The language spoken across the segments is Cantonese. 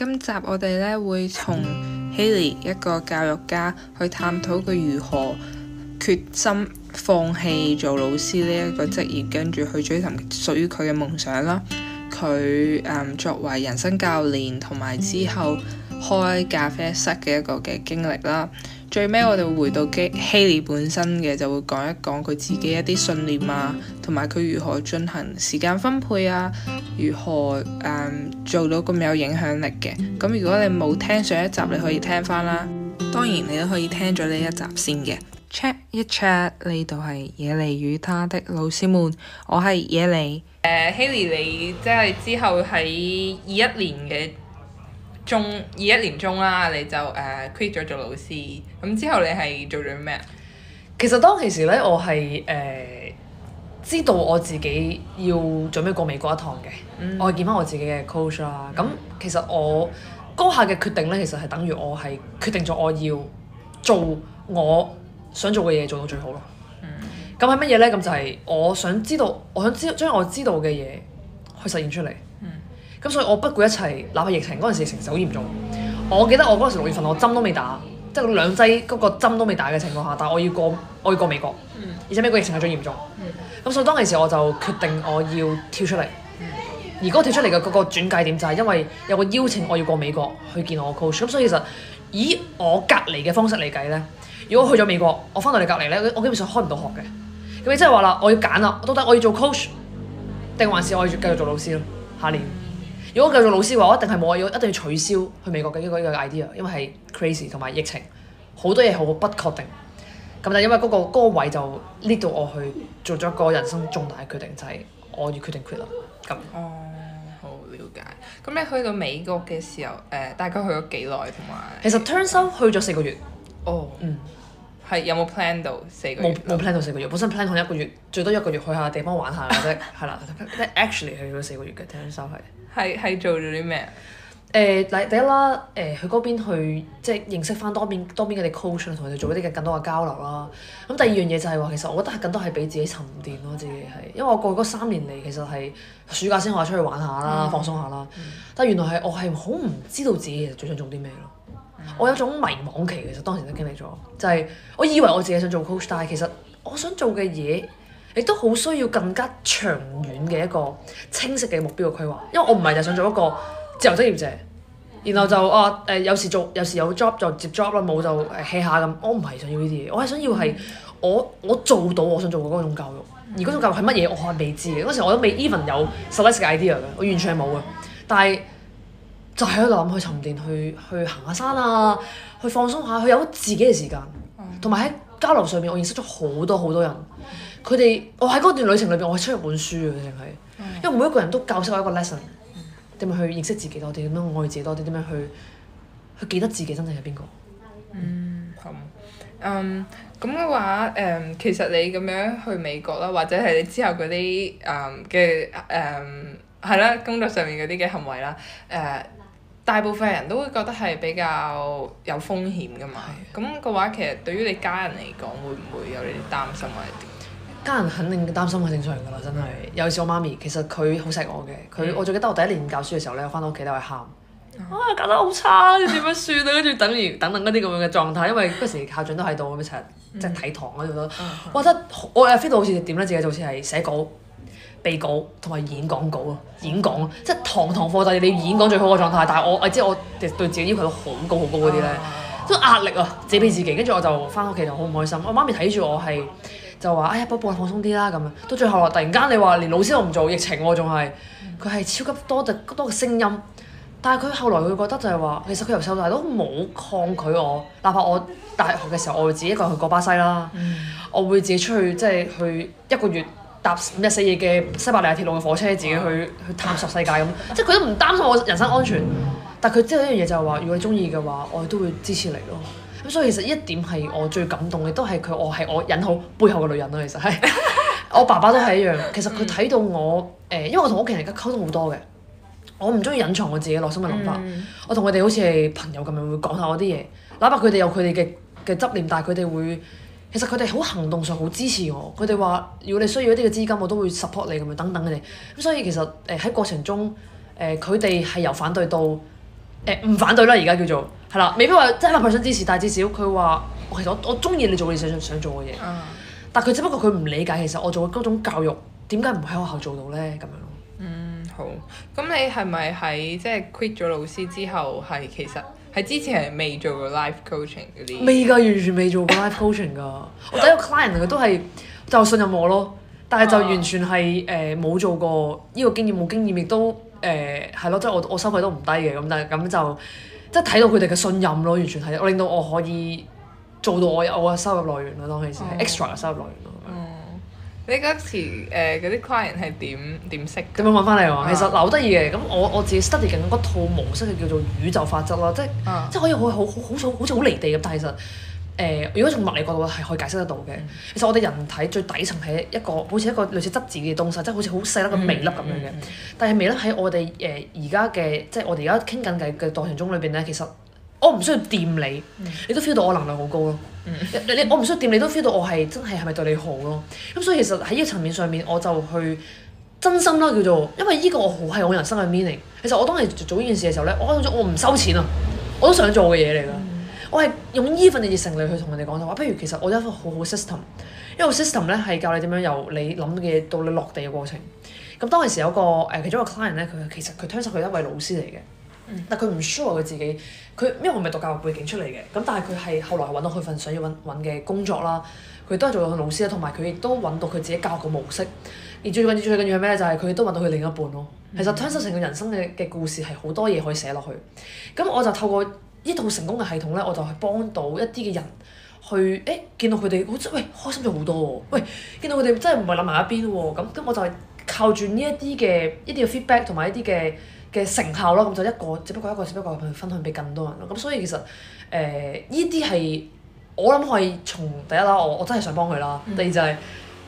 今集我哋咧會同希 a 一個教育家去探討佢如何決心放棄做老師呢一個職業，跟住去追尋屬於佢嘅夢想啦。佢作為人生教練，同埋之後開咖啡室嘅一個嘅經歷啦。最尾我哋會回到 Hailey 本身嘅，就會講一講佢自己一啲信念啊，同埋佢如何進行時間分配啊，如何誒、um, 做到咁有影響力嘅。咁如果你冇聽上一集，你可以聽翻啦。當然你都可以聽咗呢一集先嘅。Check 一 check 呢度係野梨與他的老師們，我係野梨。誒、uh，Hailey 你即係之後喺二一年嘅。中二一年中啦，你就誒、uh, quit 咗做老師，咁之後你係做咗咩？其實當其時咧，我係誒知道我自己要準備過美國一趟嘅，嗯、我係見翻我自己嘅 coach 啦、嗯。咁其實我嗰下嘅決定咧，其實係等於我係決定咗我要做我想做嘅嘢做到最好咯。咁係乜嘢咧？咁就係我想知道，我想知將我知道嘅嘢去實現出嚟。咁所以我不顧一切，哪怕疫情嗰陣時疫情好嚴重，我記得我嗰陣時六月份我針都未打，即係兩劑嗰個針都未打嘅情況下，但係我要過我要過美國，而且美國疫情係最嚴重。咁、嗯、所以當其時我就決定我要跳出嚟，而嗰個跳出嚟嘅嗰個轉介點就係因為有個邀請，我要過美國去見我個 coach。咁所以其實，以我隔離嘅方式嚟計咧，如果去咗美國，我翻到嚟隔離咧，我基本上開唔到學嘅。咁你即係話啦，我要揀啦，到底我要做 coach，定還是我要繼續做老師咯？下年。如果繼續老師話，我一定係冇我要一定要取消去美國嘅呢個一個 idea，因為係 crazy 同埋疫情好多嘢好不確定。咁但係因為嗰個嗰個位就呢度，我去做咗一個人生重大嘅決定，就係我要決定 quit 啦。咁哦，好了解。咁你去到美國嘅時候，誒大概去咗幾耐同埋？其實 turnover 去咗四個月。哦，嗯，係有冇 plan 到四個月？冇冇 plan 到四個月。本身 plan 可能一個月最多一個月去下地方玩下嘅啫，係啦。即係 actually 去咗四個月嘅 turnover 係。係係做咗啲咩啊？誒、呃，第第一啦，誒、呃，去嗰邊去即係認識翻多邊多邊嘅啲 coach 同佢哋做一啲嘅更多嘅交流啦。咁第二樣嘢就係話，其實我覺得係更多係俾自己沉澱咯，自己係，因為我過去嗰三年嚟，其實係暑假先可以出去玩下啦，嗯、放鬆下啦。嗯、但原來係我係好唔知道自己其實最想做啲咩咯。嗯、我有種迷惘期，其實當時都經歷咗，就係、是、我以為我自己想做 coach，但係其實我想做嘅嘢。亦都好需要更加長遠嘅一個清晰嘅目標嘅規劃，因為我唔係就是想做一個自由職業者，然後就啊誒、呃、有時做，有時有 job 就接 job 啦，冇就 hea 下咁。我唔係想要呢啲嘢，我係想要係我我做到我想做嗰種教育，而嗰種教育係乜嘢，我係未知嘅。嗰時候我都未 even 有 substance idea 嘅，我完全係冇嘅。但係就喺度諗去沉澱，去去行下山啊，去放鬆下，去有自己嘅時間，同埋喺交流上面，我認識咗好多好多好多人。佢哋，我喺嗰段旅程裏邊，我出咗本書嘅，淨係，因為每一個人都教識我一個 lesson，點樣去認識自己多啲，點樣愛自己多啲，點樣去，去記得自己真正係邊個。嗯。咁，嗯，咁嘅話，誒，其實你咁樣去美國啦，或者係你之後嗰啲，誒嘅，誒，係啦，工作上面嗰啲嘅行為啦，誒，大部分人都會覺得係比較有風險噶嘛。係。咁嘅話，其實對於你家人嚟講，會唔會有啲擔心或者點？家人肯定擔心係正常㗎啦，真係。有、mm. 尤其是我媽咪，其實佢好錫我嘅。佢、mm. 我最記得我第一年教書嘅時候咧，我翻到屋企都係喊，mm. 啊教得好差，你點樣算啊？跟住 等於等等嗰啲咁樣嘅狀態，因為嗰時校長都喺度、mm.，我一齊即係睇堂我覺得，哇！真我誒 feel 到好似點咧？自己就好似係寫稿、備稿同埋演講稿啊，演講即係堂堂課就你演講最好嘅狀態。但係我誒即係我對自己要求好高好高嗰啲咧，都、mm. 啊、壓力啊！自己俾自己，跟住我就翻屋企就好唔開心。我媽咪睇住我係。就話哎呀，寶寶放鬆啲啦，咁樣，到最後來突然間你話連老師都唔做疫情喎，仲係佢係超級多多嘅聲音，但係佢後來佢覺得就係話，其實佢由細到大都冇抗拒我，哪怕我大學嘅時候我會自己一個人去過巴西啦，嗯、我會自己出去即係、就是、去一個月搭五日四夜嘅西伯利亞鐵路嘅火車自己去去探索世界咁，即係佢都唔擔心我人生安全，但係佢知道一樣嘢就係話，如果中意嘅話，我都會支持你咯。咁所以其實一點係我最感動嘅，都係佢我係我忍好背後嘅女人咯。其實係 我爸爸都係一樣。其實佢睇到我誒，嗯、因為我同屋企人而家溝通好多嘅，我唔中意隱藏我自己內心嘅諗法。嗯、我同佢哋好似係朋友咁樣會講下我啲嘢。哪怕佢哋有佢哋嘅嘅執念，但係佢哋會其實佢哋好行動上好支持我。佢哋話如果你需要一啲嘅資金，我都會 support 你咁樣等等佢哋。咁所以其實誒喺、呃、過程中誒佢哋係由反對到誒唔、呃、反對啦，而家叫做。係啦，未必話真係佢想支持，但至少佢話，其實我我中意你做你想想做嘅嘢。Uh，但佢只不過佢唔理解，其實我做嗰種教育點解唔喺學校做到咧咁樣。嗯，好。咁你係咪喺即係 quit 咗老師之後，係其實喺之前係未做過 life coaching 嗰啲？未㗎，完全未做過 life coaching 㗎。 我第一個 client 佢都係就信任我咯，但係就完全係誒冇做過呢個經驗冇經驗，亦都誒係咯，即、呃、係、就是、我我收費都唔低嘅咁，但係咁就。即係睇到佢哋嘅信任咯，完全係我令到我可以做到我我嘅收入來源咯，當其時係 extra 嘅收入來源咯。你嗰次誒嗰、呃、啲 client 係點點識？咁樣揾翻嚟啊？其實好得意嘅，咁我我自己 study 緊嗰套模式係叫做宇宙法則咯，即係、啊、即係可以好好好好似好似好離地咁，但係其實。誒、呃，如果從物理角度話係可以解釋得到嘅。嗯、其實我哋人體最底層係一個好似一個類似質子嘅東西，即係好似好細粒嘅微粒咁樣嘅。嗯嗯嗯、但係微粒喺我哋誒而家嘅，即係我哋而家傾緊偈嘅過程中裏邊咧，其實我唔需要掂你，嗯、你都 feel 到我能量好高咯、嗯。我唔需要掂你，嗯、你都 feel 到我係真係係咪對你好咯？咁、嗯嗯、所以其實喺呢個層面上面，我就去真心啦叫做，因為呢個我好係我人生嘅 meaning。其實我當時做呢件事嘅時候咧，我我唔收錢啊，我都想做嘅嘢嚟㗎。嗯我係用呢份嘅熱誠嚟去同人哋講就話，不如其實我有一份好好 system，因為 system 咧係教你點樣由你諗嘅嘢到你落地嘅過程。咁當時有個誒其中一個 client 咧，佢其實佢 t a 佢一位老師嚟嘅，但佢唔 sure 佢自己，佢因為我唔係讀教育背景出嚟嘅，咁但係佢係後來揾到佢份想要揾嘅工作啦，佢都係做緊老師啦，同埋佢亦都揾到佢自己教學嘅模式。而最緊要最緊要係咩？就係佢都揾到佢另一半咯。其實 t a 成個人生嘅嘅故事係好多嘢可以寫落去。咁我就透過呢套成功嘅系統咧，我就係幫到一啲嘅人去，誒見到佢哋好似，喂開心咗好多喎，喂見到佢哋真係唔係諗埋一邊喎，咁咁我就係靠住呢一啲嘅一啲嘅 feedback 同埋一啲嘅嘅成效咯，咁就一個，只不過一個，只不過去分享俾更多人咯，咁所以其實誒呢啲係我諗係從第一啦，我我真係想幫佢啦，第二就係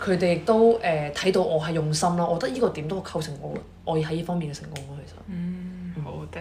佢哋都誒睇到我係用心咯，我覺得呢個點都構成我我喺呢方面嘅成功咯，其實。嗯，好的。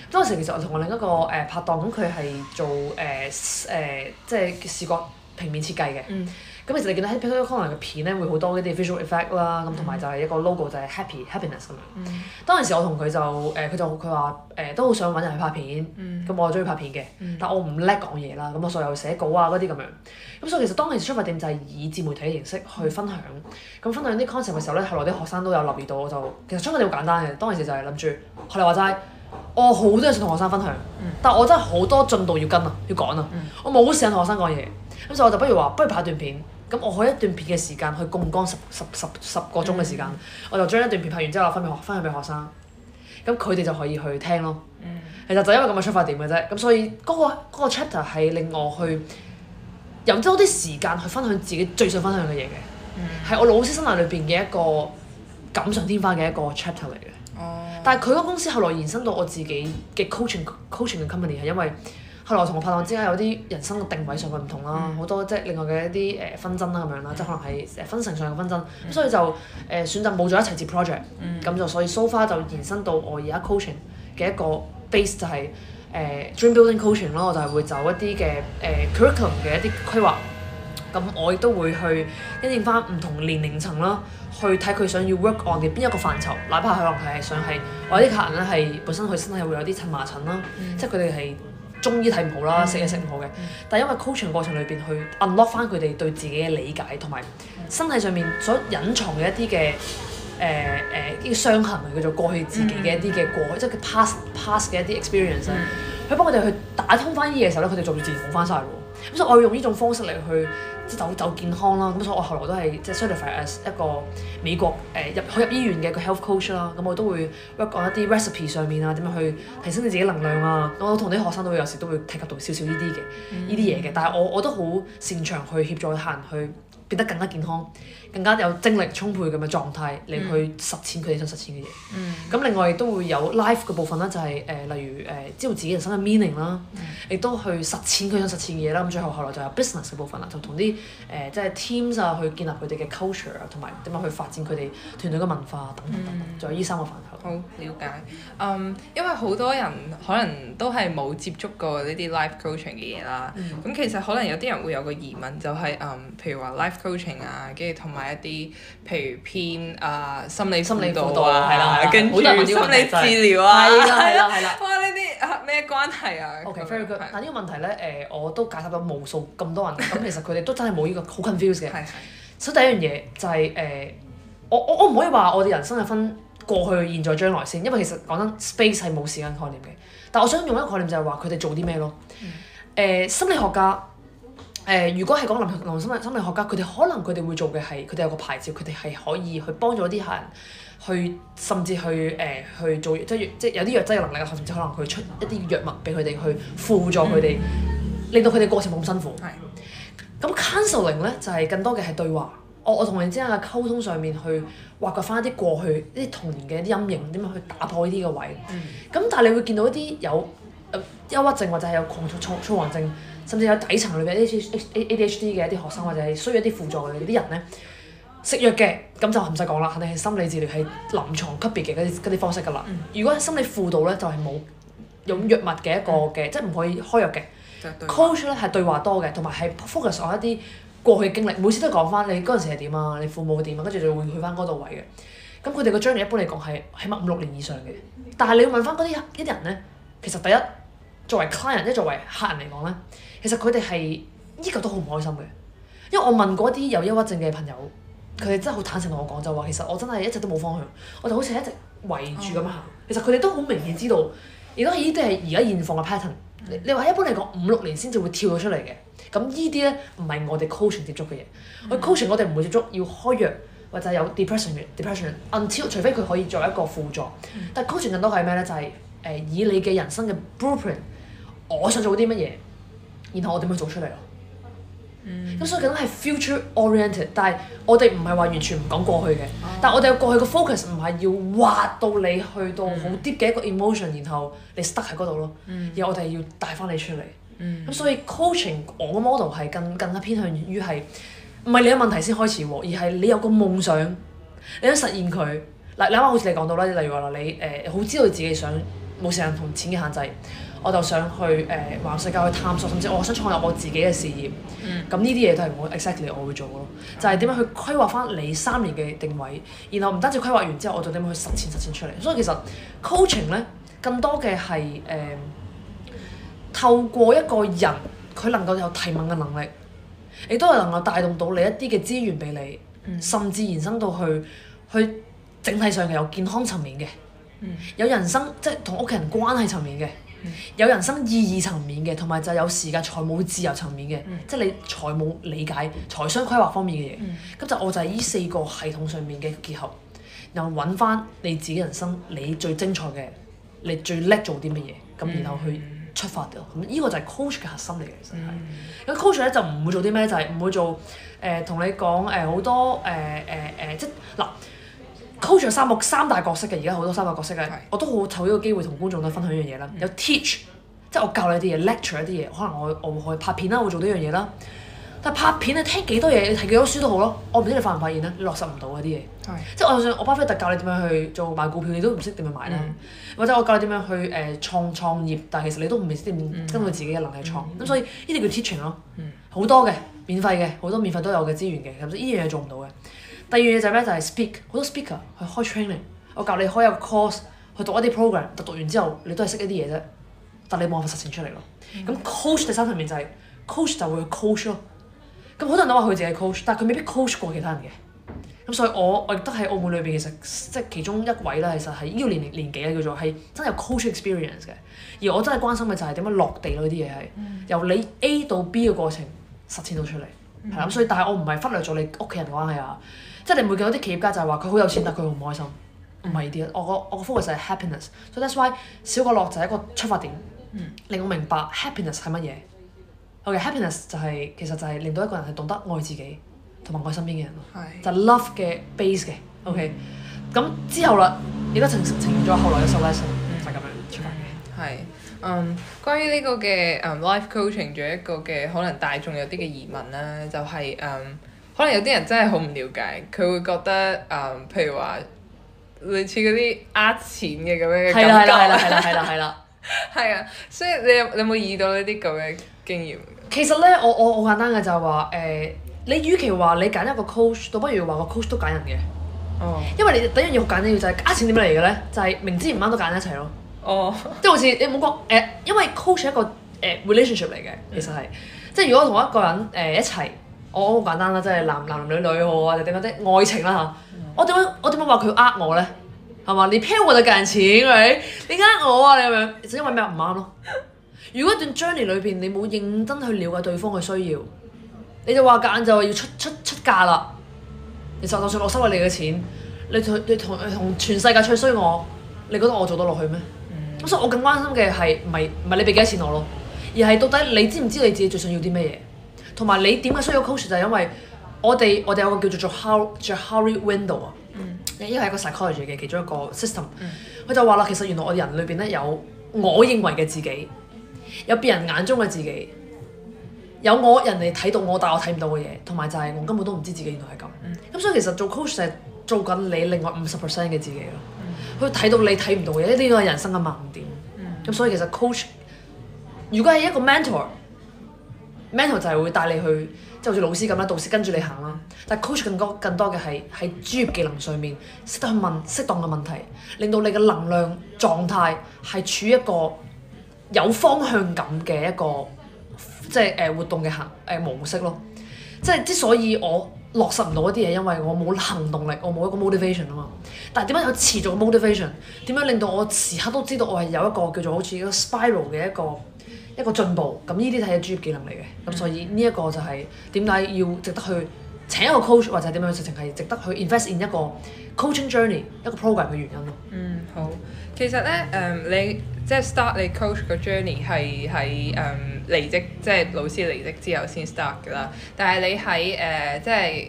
嗰陣時其實我同我另一個誒、呃、拍檔，佢係做誒誒即係視覺平面設計嘅。咁其實你見到 happy little corner 嘅片咧，會好多啲 visual effect 啦、嗯，咁同埋就係一個 logo 就係 happy happiness 咁樣。當陣時我同佢就誒，佢、呃、就佢話誒都好想揾人去拍片。咁我就中意拍片嘅，嗯嗯、但我唔叻講嘢啦，咁我所有又寫稿啊嗰啲咁樣。咁、嗯嗯嗯、所以其實當陣時出發點就係以自媒體嘅形式去分享。咁分享完啲 concept 嘅時候咧，後來啲學生都有留意到我就，就其實出發點好簡單嘅。當陣時就係諗住，學你話齋我好多嘢想同學生分享，嗯、但我真係好多進度要跟啊，要趕啊。嗯、我冇時間同學生講嘢，咁所以我就不如話，不如拍一段片。咁我可以一段片嘅時間去槓桿十十十十個鐘嘅時，時間，嗯、我就將一段片拍完之後，分俾分享俾學生。咁佢哋就可以去聽咯。嗯、其實就因為咁嘅出發點嘅啫，咁所以嗰、嗰個嗰個 chapter 係令我去有咗啲時間去分享自己最想分享嘅嘢嘅，係、嗯、我老師生涯裏邊嘅一個錦上添花嘅一個 chapter 嚟嘅。但係佢個公司後來延伸到我自己嘅 coaching、mm hmm. coaching 嘅 company 係因為後來同我拍檔之間有啲人生嘅定位上嘅唔同啦，好、mm hmm. 多即係另外嘅一啲誒、呃、紛爭啦咁樣啦，即係可能係誒分成上嘅紛爭，咁、mm hmm. 所以就誒、呃、選擇冇咗一齊接 project，咁、mm hmm. 就所以 so far 就延伸到我而家 coaching 嘅一個 base 就係、是、誒、呃、dream building coaching 咯，我就係會走一啲嘅誒、呃、curriculum 嘅一啲規劃，咁我亦都會去因應返唔同年齡層啦。去睇佢想要 work on 嘅邊一個範疇，哪怕佢可能係想係我啲客人咧係本身佢身體會有啲蕁麻疹啦，嗯、即係佢哋係中醫睇唔好啦，食嘢食唔好嘅，嗯、但係因為 coaching 過程裏邊去 unlock 翻佢哋對自己嘅理解同埋身體上面所隱藏嘅一啲嘅誒誒啲傷痕，叫做過去自己嘅一啲嘅過去，即係、嗯、past、嗯、past 嘅一啲 experience，佢幫佢哋去打通翻呢嘢時候咧，佢哋就會自然好翻晒咯。咁所以我要用呢種方式嚟去。走走健康啦，咁所以我後來都係即係 certified as 一個美國誒、呃、入去入，入醫院嘅個 health coach 啦，咁我都會 work on 一啲 recipe 上面啊，點樣去提升你自己能量啊，mm hmm. 我同啲學生都有時都會提及到少少呢啲嘅呢啲嘢嘅，但係我我都好擅長去協助客人去，變得更加健康，更加有精力充沛咁嘅狀態嚟去實踐佢哋想實踐嘅嘢。咁、mm. 另外亦都會有 life 嘅部分啦、就係，就係誒例如誒、呃、知道自己人生嘅 meaning 啦，亦都去實踐佢想實踐嘅嘢啦。咁最後後來就有 business 嘅部分啦，就同啲誒即係、呃就係、teams 啊去建立佢哋嘅 culture 啊，同埋點樣去發展佢哋團隊嘅文化等等等等，仲、mm. 有呢三個範圍。好、oh, 了解，嗯、um，因為好多人可能都係冇接觸過呢啲 life coaching 嘅嘢啦。咁、嗯、其實可能有啲人會有個疑問，就係、是、嗯，譬如話 life coaching 啊，跟住同埋一啲譬如偏啊心理心理輔導啊，係啦、啊，跟住了了心理治療啊，係啦係啦。哇！呢啲咩關係啊？o k f a r e n o u g 但呢個問題咧，誒我都解答咗無數咁多人，咁 其實佢哋都真係冇呢個好 c o n f u s e 嘅了。係係。所以第一樣嘢就係、是、誒，我我我唔可以話我哋人生係分。過去、現在、將來先，因為其實講真，space 係冇時間概念嘅。但我想用一個概念就係話佢哋做啲咩咯。誒、嗯呃，心理學家，誒、呃，如果係講臨臨心理心理學家，佢哋可能佢哋會做嘅係佢哋有個牌照，佢哋係可以去幫助一啲客人去，甚至去誒、呃、去做即即係有啲藥劑能力嘅學者，甚至可能佢出一啲藥物俾佢哋去輔助佢哋，嗯、令到佢哋過程冇咁辛苦。咁、嗯、counseling 咧就係、是、更多嘅係對話。我我同你之間嘅溝通上面去挖掘翻一啲過去，啲童年嘅啲陰影，點樣去打破呢啲嘅位。咁、嗯、但係你會見到一啲有、呃、憂鬱症或者係有狂躁躁狂症，甚至有底層裏邊 A D H A D H D 嘅一啲學生或者係需要一啲輔助嘅啲人咧，食藥嘅，咁就唔使講啦，肯定係心理治療係臨床級別嘅嗰啲啲方式㗎啦。嗯、如果係心理輔導咧，就係冇用藥物嘅一個嘅，即係唔可以開藥嘅。Coach 咧係對話多嘅，同埋係 focus 喺一啲過去嘅經歷，每次都係講翻你嗰陣時係點啊，你父母嘅點啊，跟住就會去翻嗰度位嘅。咁佢哋個 journey 一般嚟講係起碼五六年以上嘅。但係你要問翻嗰啲一啲人咧，其實第一作為 client 即作為客人嚟講咧，其實佢哋係依個都好唔開心嘅。因為我問嗰啲有憂鬱症嘅朋友，佢哋真係好坦誠同我講，就話其實我真係一直都冇方向，我就好似一直圍住咁行。哦、其實佢哋都好明顯知道，亦都係依啲係而家現，現況嘅 pattern、嗯。你你話一般嚟講五六年先至會跳咗出嚟嘅。咁呢啲咧唔係我哋 coaching 接觸嘅嘢，我 coaching 我哋唔會接觸，要開藥或者有 depression 藥，depression until 除非佢可以作為一個輔助。但 coaching 更多係咩咧？就係誒以你嘅人生嘅 blueprint，我想做啲乜嘢，然後我點樣做出嚟咯？咁所以更多係 future oriented，但係我哋唔係話完全唔講過去嘅，但係我哋嘅過去嘅 focus 唔係要挖到你去到好 deep 嘅一個 emotion，然後你 stuck 喺嗰度咯，而我哋要帶翻你出嚟。咁、嗯、所以 coaching 我 model 係更更加偏向於係唔係你嘅問題先開始喎，而係你有個夢想，你想實現佢。嗱、啊，啱啱好似你講到啦，例如話你誒、呃、好知道自己想冇時間同錢嘅限制，我就想去誒、呃、環世界去探索，甚至我想創立我自己嘅事業。咁呢啲嘢都係我 exactly 我會做嘅咯，就係點樣去規劃翻你三年嘅定位，然後唔單止規劃完之後，我就點樣去實踐實踐出嚟。所以其實 coaching 咧，更多嘅係誒。呃透過一個人，佢能夠有提問嘅能力，亦都係能夠帶動到你一啲嘅資源俾你，甚至延伸到去去整體上嘅有健康層面嘅，有人生即係同屋企人關係層面嘅，有人生意義層面嘅，同埋就有時間財務自由層面嘅，即係你財務理解財商規劃方面嘅嘢。咁就我就係呢四個系統上面嘅結合，然後揾翻你自己人生你最精彩嘅，你最叻做啲乜嘢咁，然後去出發嘅咁，依、這個就係 coach 嘅核心嚟嘅，其實係咁。coach 咧就唔會做啲咩，就係、是、唔會做誒同、呃、你講誒好多誒誒誒，即係嗱、嗯、，coach 三個三大角色嘅，而家好多三大角色嘅，是我都好趁呢個機會同觀眾咧分享一樣嘢啦。嗯、有 teach，、嗯、即係我教你啲嘢，lecture 一啲嘢，可能我我會拍片啦，我會做呢樣嘢啦。嗯但拍片你聽幾多嘢，睇幾多書都好咯。我唔知你發唔發現咧，你落實唔到嗰啲嘢。是即係我就算我巴菲特教你點樣去做買股票，你都唔識點樣買啦。嗯、或者我教你點樣去誒、呃、創創業，但係其實你都唔明點根據自己嘅能力創。咁、嗯嗯、所以呢啲叫 teaching 咯。好、嗯、多嘅免費嘅，好多免費都有嘅資源嘅，咁呢依樣嘢做唔到嘅。第二樣嘢就咩？就係、是、speak 好多 speaker 去開 training，我教你開一個 course 去讀一啲 program，但讀完之後你都係識一啲嘢啫，但你冇辦法實踐出嚟咯。咁、嗯、coach 第三層面就係、是、 coach 就會 coach 咯。咁好多人都話佢自己係 coach，但係佢未必 coach 過其他人嘅。咁所以我我亦都喺澳門裏邊，其實即係其中一位啦，其實係呢個年齡年紀叫做係真係有 coach experience 嘅。而我真係關心嘅就係點樣落地咯，啲嘢係由你 A 到 B 嘅過程實踐到出嚟，係啦、嗯。咁所以但係我唔係忽略咗你屋企人關係啊，即係你唔會見到啲企業家就係話佢好有錢，但佢好唔開心。唔係啲啊，我、so、why，個我個 focus 係 happiness。所以 that's why 小角落就係一個出發點，嗯、令我明白 happiness 係乜嘢。OK，happiness、okay, 就係、是、其實就係令到一個人係懂得愛自己，同埋愛身邊嘅人咯。係是。就 love 嘅 base 嘅，OK。咁之後啦，而家成成咗後來嘅 selection 就係咁樣出嚟。係， 嗯，關於呢個嘅誒、嗯、life coaching，仲有一個嘅可能大眾有啲嘅疑問啦，就係、是、誒、嗯，可能有啲人真係好唔了解，佢會覺得誒、嗯，譬如話類似嗰啲呃錢嘅咁樣嘅。係啦係啦係啦係啦係啦。係 啊， 所以你有你有冇遇到呢啲咁樣？經驗其實咧，我我好簡單嘅就係話誒，你與其話你揀一個 coach，倒不如話個 coach 都揀人嘅。哦。Oh. 因為你等於要揀嘅就係揀錢點樣嚟嘅咧，就係、是、明知唔啱都揀一齊咯。哦、oh。即係好似你唔好講誒，因為 coach 係一個誒、呃、relationship 嚟嘅，其實係、mm. 即係如果同一個人誒、呃、一齊，我好簡單啦，即係男男女女喎，或者點樣啲愛情啦嚇、mm.。我點解我點解話佢呃我咧？係嘛，你我騙我的感情喂，你呃我啊，你有冇？就因為咩？唔啱咯。 如果一段 journey 裏邊你冇認真去了解對方嘅需要，你就話夾硬就係要出出出嫁啦。你就當上我收咗你嘅錢，你同你同同全世界吹衰我，你覺得我做得落去咩？咁、嗯、所以我更關心嘅係唔係唔係你俾幾多錢我咯，而係到底你知唔知道你自己最想要啲咩嘢？同埋你點解需要 coaching 就係因為我哋我哋有個叫做做 how 叫 Johari window 啊、嗯，呢一個係個 psychology 嘅其中一個 system。佢、嗯、就話啦，其實原來我哋人裏邊咧有我認為嘅自己。有別人眼中嘅自己，有我人哋睇到我，但我睇唔到嘅嘢，同埋就係我根本都唔知自己原來係咁。咁、嗯、所以其實做 coach 就係做緊你另外五十 percent 嘅自己咯，嗯、去睇到你睇唔到嘅嘢，呢啲叫人生嘅盲點。咁、嗯、所以其實 coach 如果係一個 mentor，mentor 就係會帶你去，即係好似老師咁樣啦，導師跟住你行啦。但係 coach 更多更多嘅係喺專業技能上面，識得去適當問適當嘅問題，令到你嘅能量狀態係處於一個。有方向感嘅一個即係誒、呃、活動嘅行誒、呃、模式咯，即係之所以我落實唔到一啲嘢，因為我冇行動力，我冇一個 motivation 啊嘛。但係點樣有持續嘅 motivation？點樣令到我時刻都知道我係有一個叫做好似一個 spiral 嘅一個一個進步？咁呢啲係嘅專業技能嚟嘅。咁、嗯、所以呢一個就係點解要值得去請一個 coach 或者點樣去事情係值得去 invest in 一個 coaching journey 一個 program 嘅原因咯。嗯，好。其實咧，誒、嗯、你即係 start 你 coach 個 journey 係喺誒離職，即係老師離職之後先 start 噶啦。但係你喺誒、呃、即係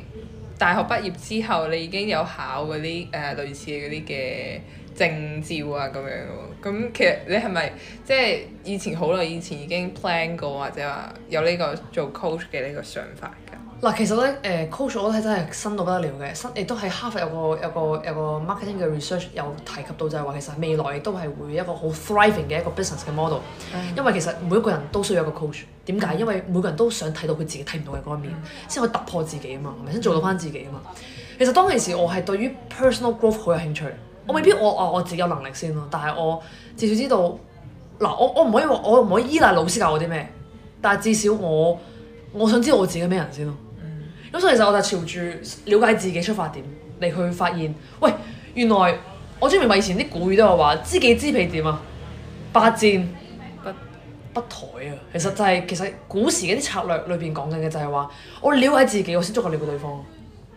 大學畢業之後，你已經有考嗰啲誒類似嗰啲嘅證照啊咁樣喎。咁其實你係咪即係以前好耐以前已經 plan 過，或者話有呢個做 coach 嘅呢個想法㗎？嗱，其實咧，誒、呃，coach 我覺得真係新到不得了嘅，新亦都係哈佛有個有個有個 marketing 嘅 research 有提及到就係話其實未來亦都係會一個好 thriving 嘅一個 business 嘅 model，因為其實每一個人都需要一個 coach，點解？因為每個人都想睇到佢自己睇唔到嘅嗰一面，先可以突破自己啊嘛，咪先做到翻自己啊嘛。其實當其時我係對於 personal growth 好有興趣，我未必我話我自己有能力先咯，但係我至少知道，嗱，我我唔可以話我唔可以依賴老師教我啲咩，但係至少我我想知道我自己咩人先咯。咁所以其實我就朝住了解自己出發點嚟去發現，喂，原來我最明咪以前啲古語都有話，知己知彼點啊，百戰不不殆啊，其實就係、是、其實古時嘅啲策略裏邊講緊嘅就係話，我了解自己，我先足夠瞭解對方。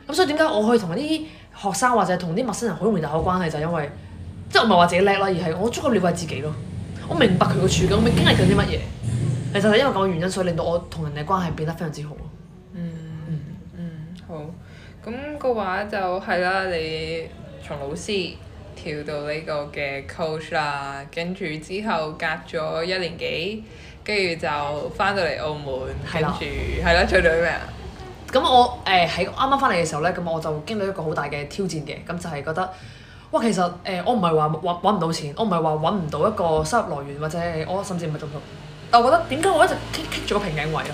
咁所以點解我可以同啲學生或者同啲陌生人好容易打好關係，就係、因為即係、就係、我唔係話自己叻啦，而係我足夠了解自己咯，我明白佢嘅處境，我未經歷過啲乜嘢，其實就因為咁嘅原因，所以令到我同人哋關係變得非常之好。好，咁個話就係啦，你從老師跳到呢個嘅 coach 啦，跟住之後隔咗一年幾，跟住就翻到嚟澳門，跟住係啦，做到啲咩啊？咁我誒喺啱啱翻嚟嘅時候咧，咁我就經歷一個好大嘅挑戰嘅，咁就係覺得哇，其實誒我唔係話揾揾唔到錢，我唔係話揾唔到一個收入來源，或者我甚至唔係仲，但我覺得點解我一直 keep keep 住個平頸位咯？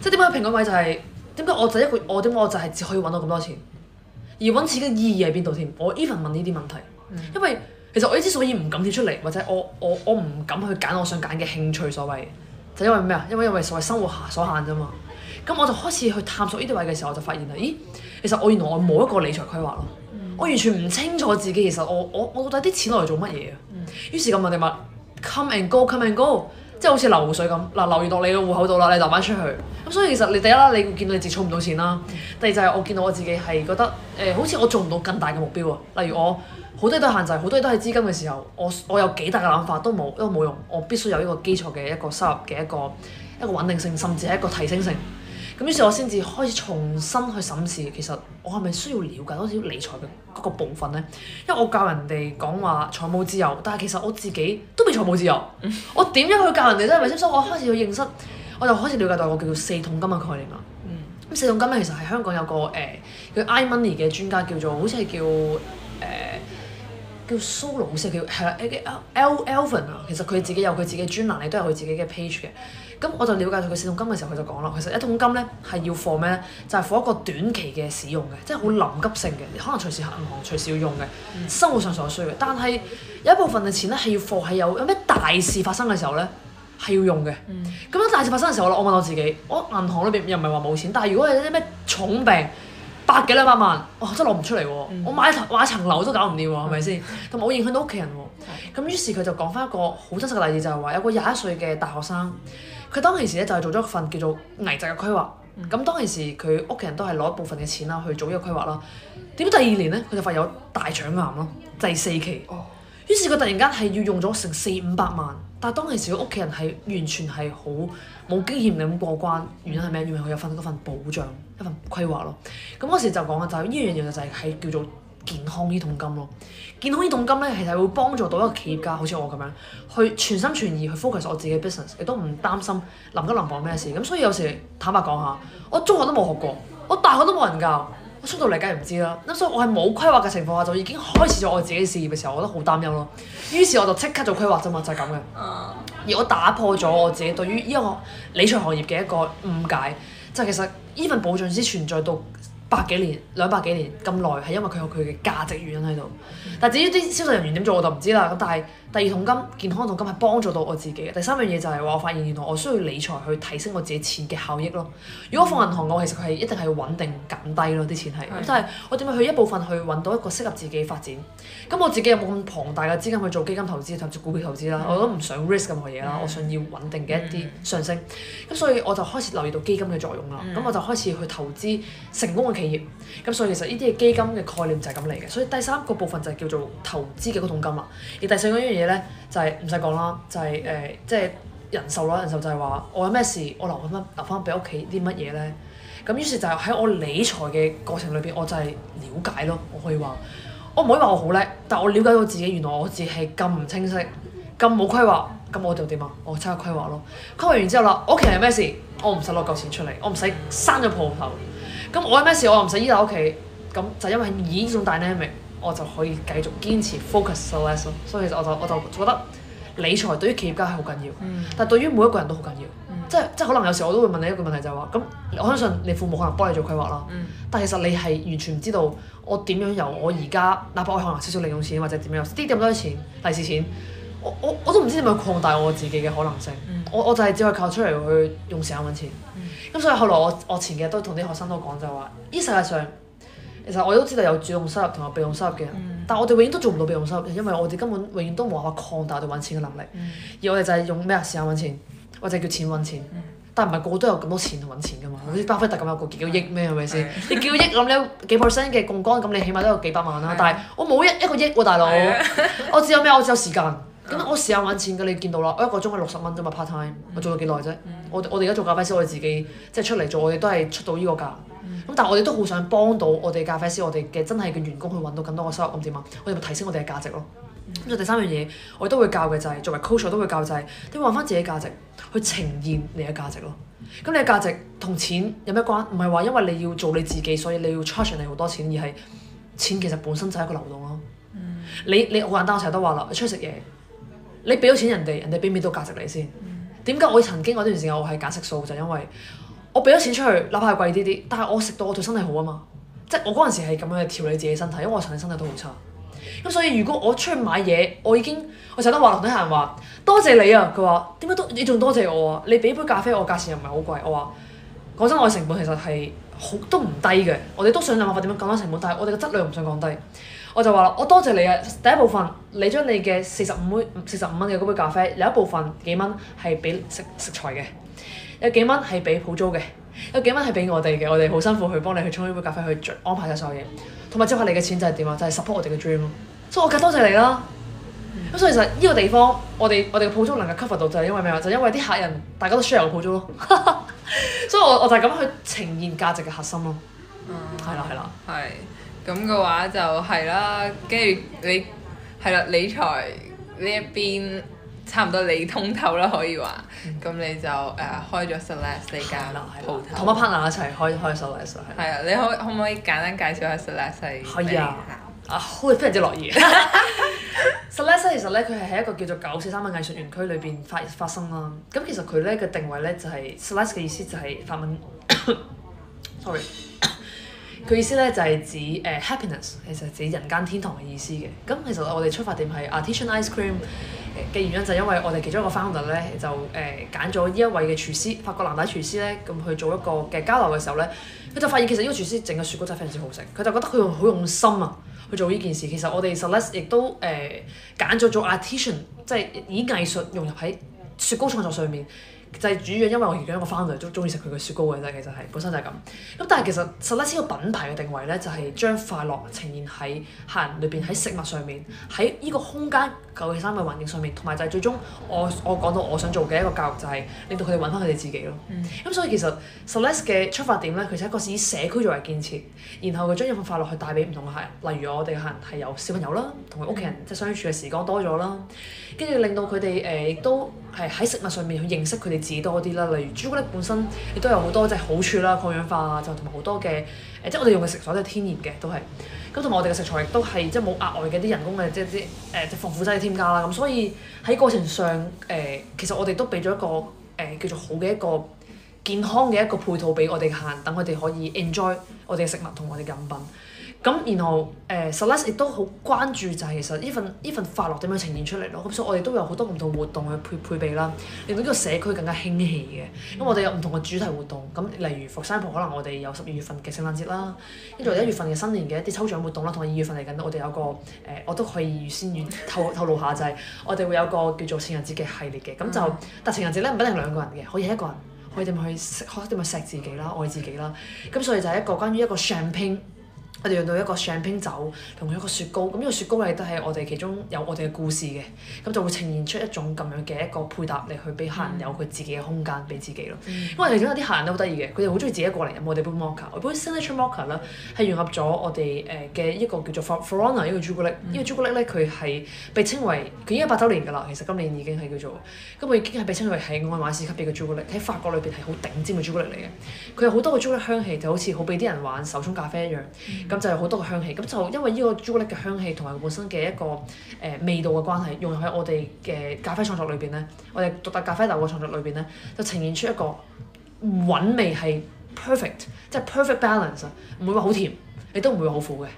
即係點解平頸位就係？點解我就一個我點解我就係只可以揾到咁多錢？而揾錢嘅意義喺邊度添？我 even 問呢啲問題，因為其實我之所以唔敢跳出嚟，或者我我我唔敢去揀我想揀嘅興趣，所謂就因為咩啊？因為因為所謂生活限所限啫嘛。咁我就開始去探索呢啲位嘅時候，我就發現啦，咦，其實我原來我冇一個理財規劃咯，我完全唔清楚自己其實我我我到底啲錢攞嚟做乜嘢啊？於是咁我哋問，come and go，come and go。即係好似流水咁，嗱流完到你個戶口度啦，你流翻出去。咁所以其實你第一啦，你會見到你自己儲唔到錢啦。第二就係我見到我自己係覺得，誒、呃、好似我做唔到更大嘅目標啊。例如我好多嘢都限制，好多嘢都喺資金嘅時候，我我有幾大嘅諗法都冇，因為都冇用。我必須有一個基礎嘅一個收入嘅一個一個穩定性，甚至係一個提升性。咁於是，我先至開始重新去審視，其實我係咪需要了解多少理財嘅嗰個部分咧？因為我教人哋講話財務自由，但係其實我自己都未財務自由。我點樣去教人哋咧？係咪先？所以我開始要認識，我就開始了解到我叫做四桶金嘅概念啦。咁、嗯、四桶金咧，其實係香港有個誒、呃、叫 I Money 嘅專家，叫做好似係叫誒、呃、叫 Solo，即係叫係 Elvin 啊。其實佢自己有佢自己專欄，亦都係佢自己嘅 page 嘅。咁我就了解到佢四桶金嘅時候，佢就講啦，其實一桶金咧係要放咩咧？就係、是、放一個短期嘅使用嘅，即係好臨急性嘅，可能隨時行銀行、嗯、隨時要用嘅，嗯、生活上所需嘅。但係有一部分嘅錢咧係要放係有有咩大事發生嘅時候咧係要用嘅。咁樣、嗯、大事發生嘅時候，我我問我自己，我銀行裏邊又唔係話冇錢，但係如果係啲咩重病百幾兩百萬，我真攞唔出嚟喎！嗯、我買買一層樓都搞唔掂喎，係咪先？同埋我影響到屋企人喎。咁、嗯、於是佢就講翻一個好真實嘅例子，就係、是、話有個廿一歲嘅大學生。嗯嗯佢當其時咧就係做咗一份叫做危疾嘅規劃，咁當其時佢屋企人都係攞一部分嘅錢啦去做呢個規劃啦。點第二年咧佢就發有大腸癌咯，第四期。於是佢突然間係要用咗成四五百萬，但係當其時佢屋企人係完全係好冇經驗咁過關。原因係咩？因為佢有份嗰份保障，一份規劃咯。咁嗰時就講嘅就係呢樣嘢就係係叫做健康呢桶金咯，健康呢桶金呢，其實會幫助到一個企業家，好似我咁樣，去全心全意去 focus 我自己嘅 business，亦都唔擔心臨急臨忙咩事。咁所以有時坦白講下，我中學都冇學過，我大學都冇人教，我出到嚟梗係唔知啦。咁所以我係冇規劃嘅情況下，就已經開始咗我自己嘅事業嘅時候，我覺得好擔憂咯。於是我就即刻做規劃啫嘛，就係咁嘅。而我打破咗我自己對於呢個理財行業嘅一個誤解，就係其實呢份保障先存在到。百幾年，兩百幾年咁耐，係因為佢有佢嘅價值原因喺度。嗯、但至於啲銷售人員點做，我就唔知啦。咁但係。第二桶金健康嘅桶金係幫助到我自己嘅。第三樣嘢就係話，我發現原來我需要理財去提升我自己錢嘅效益咯。如果放銀行，我其實佢係一定係穩定減低咯啲錢係。的但係我點解去一部分去揾到一個適合自己發展？咁我自己有冇咁龐大嘅資金去做基金投資同埋股票投資啦。嗯、我都唔想 risk 咁嘅嘢啦，嗯、我想要穩定嘅一啲上升。咁、嗯、所以我就開始留意到基金嘅作用啦。咁、嗯、我就開始去投資成功嘅企業。咁所以其實呢啲基金嘅概念就係咁嚟嘅。所以第三個部分就係叫做投資嘅嗰桶金啦。而第四嗰樣嘢。嘢咧就係唔使講啦，就係誒，即係人壽啦，人壽就係話我有咩事，我留翻留翻俾屋企啲乜嘢咧。咁於是就喺我理財嘅過程裏邊，我就係了解咯。我可以話我唔可以話我好叻，但我了解到自己原來我自己係咁唔清晰，咁冇規劃，咁我就點啊？我差加規劃咯。規劃完之後啦，我屋企人有咩事，我唔使攞夠錢出嚟，我唔使閂咗鋪頭。咁我有咩事，我又唔使依賴屋企。咁就因為係以重大呢，係咪？我就可以繼續堅持 focus so s 咯，所以其實我就我就覺得理財對於企業家係好緊要，嗯、但係對於每一個人都好緊要，嗯、即係即係可能有時我都會問你一個問題就係、是、話，咁我相信你父母可能幫你做規劃啦，嗯、但係其實你係完全唔知道我點樣由我而家哪怕我可能少少零用錢或者點樣，啲咁多錢利是錢，我我我都唔知點樣擴大我自己嘅可能性，嗯、我我就係只可以靠出嚟去用時間揾錢，咁、嗯嗯、所以後來我我前幾日都同啲學生都講就話，呢世界上。其實我都知道有主動收入同埋被動收入嘅，但係我哋永遠都做唔到被動收入，因為我哋根本永遠都冇辦法擴大我哋揾錢嘅能力。而我哋就係用咩啊？時間揾錢，或者叫錢揾錢。但係唔係個個都有咁多錢同揾錢㗎嘛？好似巴菲特咁有個幾億咩係咪先？你幾億咁你幾 percent 嘅槓桿咁你起碼都有幾百萬啦。但係我冇一一個億喎大佬，我只有咩？我只有時間。咁我時間揾錢㗎你見到啦，我一個鐘係六十蚊啫嘛 part time。我做咗幾耐啫？我我哋而家做咖啡師，我哋自己即係出嚟做，我哋都係出到呢個價。咁但係我哋都好想幫到我哋咖啡師，我哋嘅真係嘅員工去揾到更多嘅收入，咁點啊？我哋咪提升我哋嘅價值咯。咁就第三樣嘢，我哋都會教嘅就係、是、作為 culture 都會教就係、是，你揾翻自己價值，去呈現你嘅價值咯。咁你嘅價值同錢有咩關？唔係話因為你要做你自己，所以你要 charge 你好多錢，而係錢其實本身就係一個流動咯。你你好簡單，我成日都話啦，你出去食嘢，你俾咗錢人哋，人哋俾唔俾到價值你先？點解我曾經我呢段時間我係揀食素就是、因為？我俾咗錢出去，哪怕係貴啲啲，但係我食到我對身體好啊嘛！即係我嗰陣時係咁樣去調理自己身體，因為我曾經身體都好差。咁所以如果我出去買嘢，我已經我成日都話同啲客人話：多謝你啊！佢話點解都你仲多謝我啊？你俾杯咖啡我價錢又唔係好貴，我話講真我嘅成本其實係好都唔低嘅。我哋都想諗辦法點樣降低成本，但係我哋嘅質量唔想降低。我就話我多謝你啊！第一部分你將你嘅四十五蚊、四十五蚊嘅杯咖啡有一部分幾蚊係俾食食材嘅。有幾蚊係俾鋪租嘅，有幾蚊係俾我哋嘅，我哋好辛苦去幫你去沖一杯咖啡去安排晒所有嘢，同埋接下你嘅錢就係點啊？就係、係、support 我哋嘅 dream 咯，所以我梗多謝,謝你啦。咁、嗯、所以其實呢個地方我哋我哋嘅鋪租能夠 cover 到就係因為咩啊？就係、因為啲客人大家都 share 我鋪租咯， 所以我我就咁去呈現價值嘅核心咯。係、嗯、啦，係啦。係咁嘅話就係啦，跟住你係啦，理財呢一邊。差唔多你通透啦，可以話，咁你就誒開咗 Céleste 四間咯，喺葡同阿 partner 一齊開開 Céleste 係。啊，你可可唔可以簡單介紹下 Céleste 係？可以啊。啊，好非常之樂意。Céleste 其實咧，佢係喺一個叫做九四三嘅藝術園區裏邊發發生啦。咁其實佢咧嘅定位咧就係 Céleste 嘅意思就係法文。Sorry。佢意思咧就係、是、指誒、uh, happiness，其實指人間天堂嘅意思嘅。咁其實我哋出發點係 Artisan ice cream 嘅原因就因為我哋其中一個 founder 咧就誒揀咗呢一位嘅廚師，法國藍帶廚師咧咁去做一個嘅交流嘅時候咧，佢就發現其實呢個廚師整嘅雪糕真係非常之好食，佢就覺得佢用好用心啊去做呢件事。其實我哋 Céleste 亦都誒揀咗做 Artisan 即係以藝術融入喺雪糕創作上面。就係主要因為我而家我翻到嚟都中意食佢嘅雪糕嘅啫，其實係本身就係咁。咁但係其實 Céleste 個品牌嘅定位咧，就係、是、將快樂呈現喺客人裏邊，喺食物上面，喺呢個空間，九四三嘅環境上面，同埋就係最終我我講到我想做嘅一個教育、就是，就係令到佢哋揾翻佢哋自己咯。咁、嗯嗯、所以其實 Céleste 嘅出發點咧，其實一個是以社區作為建設，然後佢將一份快樂去帶俾唔同嘅客人。例如我哋嘅客人係有小朋友啦，同佢屋企人即係相處嘅時光多咗啦，跟住令到佢哋誒亦都係喺食物上面去認識佢哋。多啲啦，例如朱古力本身亦都有好多即係好處啦，抗氧化啊，就同埋好多嘅誒、呃，即係我哋用嘅食，食材都係天然嘅，都係，咁同埋我哋嘅食材亦都係即係冇額外嘅啲人工嘅即係啲誒防腐劑嘅添加啦，咁所以喺過程上誒、呃、其實我哋都俾咗一個誒、呃、叫做好嘅一個健康嘅一個配套俾我哋客，等佢哋可以 enjoy 我哋嘅食物同我哋嘅飲品。咁然後誒、呃、s l i c 亦都好關注就係其實呢份依份快樂點樣呈現出嚟咯。咁 所以我哋都有好多唔同活動去配配備啦，令到呢個社區更加興起嘅。咁我哋有唔同嘅主題活動，咁例如佛山鋪可能我哋有十二月份嘅聖誕節啦，跟住一月份嘅新年嘅一啲抽獎活動啦，同埋二月份嚟緊，我哋有個誒，我都可以預先透透露下就係、是、我哋會有個叫做情人節嘅系列嘅。咁就、mm. 但情人節咧唔一定兩個人嘅，可以一個人可以點去可點去錫自己啦，愛自己啦。咁所以就係一個關於一個 shopping。我哋用到一個香檳酒同一個雪糕，咁呢個雪糕咧都喺我哋其中有我哋嘅故事嘅，咁就會呈現出一種咁樣嘅一個配搭嚟去俾客人有佢自己嘅空間俾自己咯。嗯、因為其中有啲客人都好得意嘅，佢哋好中意自己一個嚟飲我哋杯摩卡、ok ok，我杯 Signature 摩卡咧係融合咗我哋誒嘅一個叫做 Valrhona 一個朱古力，嗯、個力呢個朱古力咧佢係被稱為佢已經係八周年㗎啦，其實今年已經係叫做，咁佢已經係被稱為係愛馬仕級別嘅朱古力，喺法國裏邊係好頂尖嘅朱古力嚟嘅。佢有好多個朱古力香氣，就好似好俾啲人玩手沖咖啡一樣。嗯咁就有好多個香氣，咁就因為呢個朱古力嘅香氣同埋本身嘅一個誒、呃、味道嘅關係，用喺我哋嘅咖啡創作裏邊咧，我哋獨特咖啡豆嘅創作裏邊咧，就呈現出一個韻味係 perfect，即係 perfect balance，唔會話好甜，亦都唔會好苦嘅。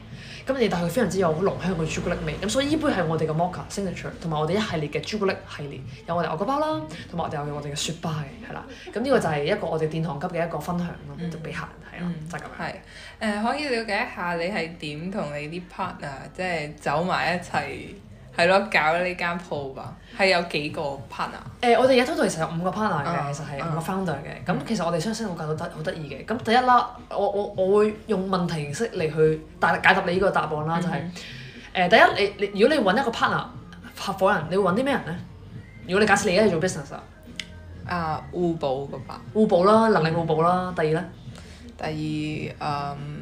咁你哋但係佢非常之有好濃香嘅朱古力味，咁所以呢杯係我哋嘅 Mocha Signature，同埋我哋一系列嘅朱古力系列，有我哋牛角包啦，同埋我哋有我哋嘅雪巴嘅，係啦。咁呢個就係一個我哋殿堂級嘅一個分享咯，就俾、嗯、客人睇咯，就咁啦。係、嗯呃，可以了解一下你係點同你啲 partner 即係走埋一齊？係咯，搞呢間鋪吧，係有幾個 partner。誒、呃，我哋嘅 total 其實有五個 partner 嘅，啊、其實係五個 founder 嘅。咁、嗯、其實我哋相識我覺得好得意嘅。咁第一啦，我我我會用問題形式嚟去大解答你呢個答案啦，就係、是、誒、嗯哼呃、第一，你你如果你揾一個 partner 合伙人，你會揾啲咩人咧？如果你假設你而家做 business，啊互補嘅吧，互補啦，能力互補啦。嗯、第二咧？第二誒。Um,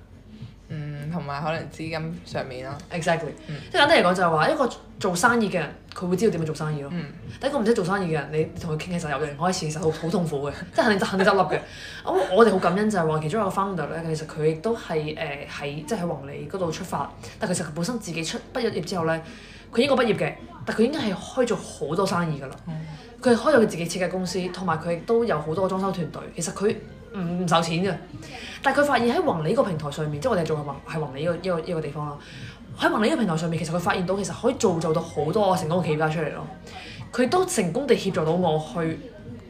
同埋可能資金上面咯，exactly，即係、嗯、簡單嚟講就係話一個做生意嘅人，佢會知道點樣做生意咯。第、嗯、一個唔識做生意嘅人，你同佢傾起仔有人開始其實好痛苦嘅， 即係肯定就執笠嘅。咁 我哋好感恩就係話，其中一個 founder 咧，其實佢亦都係誒喺即係喺宏利嗰度出發，但係其實佢本身自己出畢咗業之後咧，佢英國畢業嘅，但佢已經係開咗好多生意㗎啦。佢係、嗯、開咗佢自己設計公司，同埋佢亦都有好多個裝修團隊。其實佢。唔唔收錢㗎，但係佢發現喺宏利個平台上面，即係我哋做做宏係宏利一個一個一個地方啦。喺宏利一個平台上面，其實佢發現到其實可以造就到好多我成功嘅企業家出嚟咯。佢都成功地協助到我去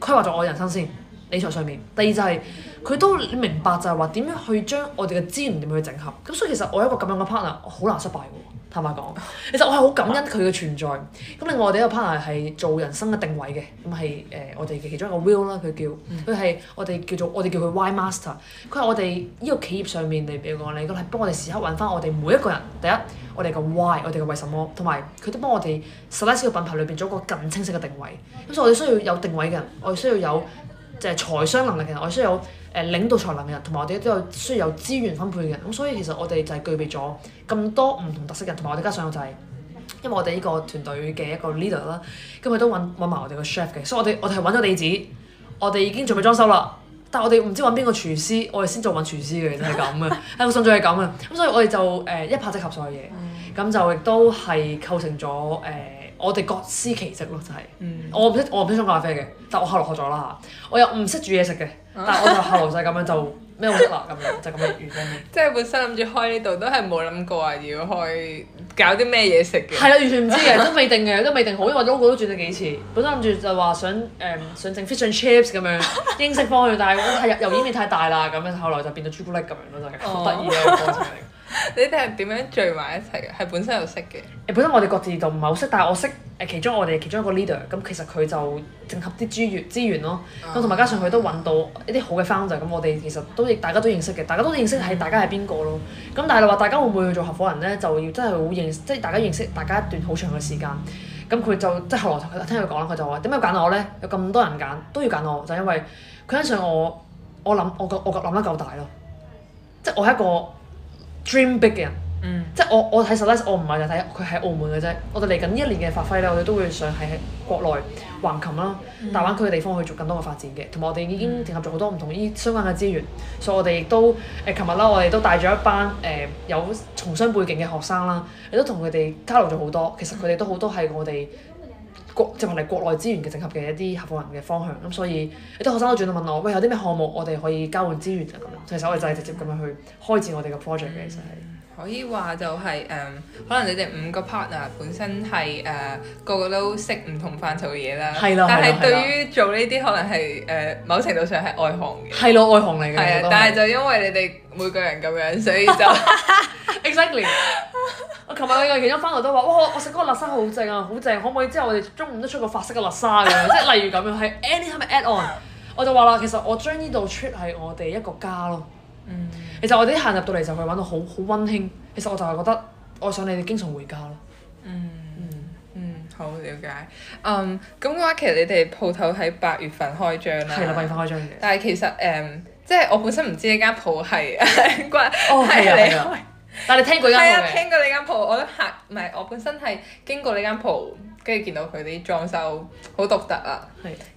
規劃咗我人生先，理財上面。第二就係佢都明白就係話點樣去將我哋嘅資源點樣去整合。咁所以其實我有一個咁樣嘅 partner，我好難失敗喎。坦白講，其實我係好感恩佢嘅存在。咁 另外我哋一個 partner 係做人生嘅定位嘅，咁係誒我哋嘅其中一個 will 啦，佢叫佢係我哋叫做我哋叫佢 why master。佢係我哋呢個企業上面嚟，比如講嚟講係幫我哋時刻揾翻我哋每一個人第一我哋嘅 why，我哋嘅為什麼，同埋佢都幫我哋 Céleste 個品牌裏邊做一個更清晰嘅定位。咁所以我哋需要有定位嘅人，我哋需要有。就係財商能力嘅人，其實我哋需要有誒領導才能嘅人，同埋我哋都有需要有資源分配嘅人。咁所以其實我哋就係具備咗咁多唔同特色嘅人，同埋我哋加上就係因為我哋呢個團隊嘅一個 leader 啦，咁佢都揾揾埋我哋個 chef 嘅。所以我哋我哋揾咗地址，我哋已經準備裝修啦。但係我哋唔知揾邊個廚師，我哋先做揾廚師嘅，真係咁嘅。誒，我上晝係咁嘅。咁所以我哋就誒一拍即合所有嘢，咁就亦都係構成咗誒。呃我哋各司其職咯，就係、是。我唔識，我唔識沖咖啡嘅，但係我後來學咗啦嚇。我又唔識煮嘢食嘅，但係我就後來就咁樣就咩都識啦咁樣，就咁 樣預翻即係本身諗住開呢度都係冇諗過話要開搞啲咩嘢食嘅。係啦、啊，完全唔知嘅，都未定嘅，都未定好。因為 logo 都轉咗幾次。本身諗住就話想誒想整 fish and chips 咁樣英式方，去，但係太油煙味太大啦，咁樣後來就變咗朱古力咁樣咯，就好得意囉，嗰次。Oh. 你哋係點樣聚埋一齊嘅？係本身又識嘅？本身我哋各自就唔係好識，但係我識誒其中我哋其中一個 leader。咁其實佢就整合啲資源資源咯。咁同埋加上佢都揾到一啲好嘅 founder。咁、oh. 我哋其實都亦大家都認識嘅，大家都認識係大家係邊個咯。咁、oh. 但係話大家會唔會去做合伙人咧？就要真係好認，即係大家認識大家一段好長嘅時間。咁佢就即係後來就聽佢講啦，佢就話點解揀我咧？有咁多人揀都要揀我，就係因為佢欣賞我。我諗我覺我覺諗得夠大咯。即係我係一個，Dream big 嘅人，嗯、即係我我睇實力，我唔係就睇佢喺澳門嘅啫。我哋嚟緊呢一年嘅發揮咧，我哋都會想喺國內橫琴啦、嗯、大灣區嘅地方去做更多嘅發展嘅。同埋我哋已經整合咗好多唔同依相關嘅資源，所以我哋亦都誒琴日啦，呃、我哋都帶咗一班誒、呃、有從商背景嘅學生啦，亦都同佢哋交流咗好多。其實佢哋都好多係我哋。嗯嗯國集合嚟國內資源嘅整合嘅一啲合夥人嘅方向，咁所以一啲學生都主動問我，喂，有啲咩項目我哋可以交換資源啊？咁、嗯、樣，其實我哋就係直接咁樣去開展我哋嘅 project 嘅，其實係。可以話就係、是、誒、呃，可能你哋五個 partner 本身係誒、呃、個個都識唔同範疇嘅嘢啦，的但係對於做呢啲可能係誒、呃、某程度上係外行嘅。係咯，外行嚟嘅。係啊的，但係就因為你哋每個人咁樣，所以就 exactly。 我琴日嘅其中翻嚟都話，哇！我食嗰個辣沙好正啊，好正！可唔可以之後我哋中午都出個法式嘅辣沙？嘅？即係例如咁樣係 anytime add on。我就話啦，其實我將呢度 treat 係我哋一個家咯。嗯。Mm. 其實我哋一行入到嚟就係玩到好好溫馨。其實我就係覺得我想你哋經常回家咯。嗯嗯嗯，好了解。嗯，咁嘅話其實你哋鋪頭喺八月份開張啦。係啦，八月份開張嘅。但係其實誒，um, 即係我本身唔知呢間鋪係關係離開。但係你聽過呢間鋪，我啲客唔係我本身係經過呢間鋪。跟住見到佢啲裝修好獨特啊！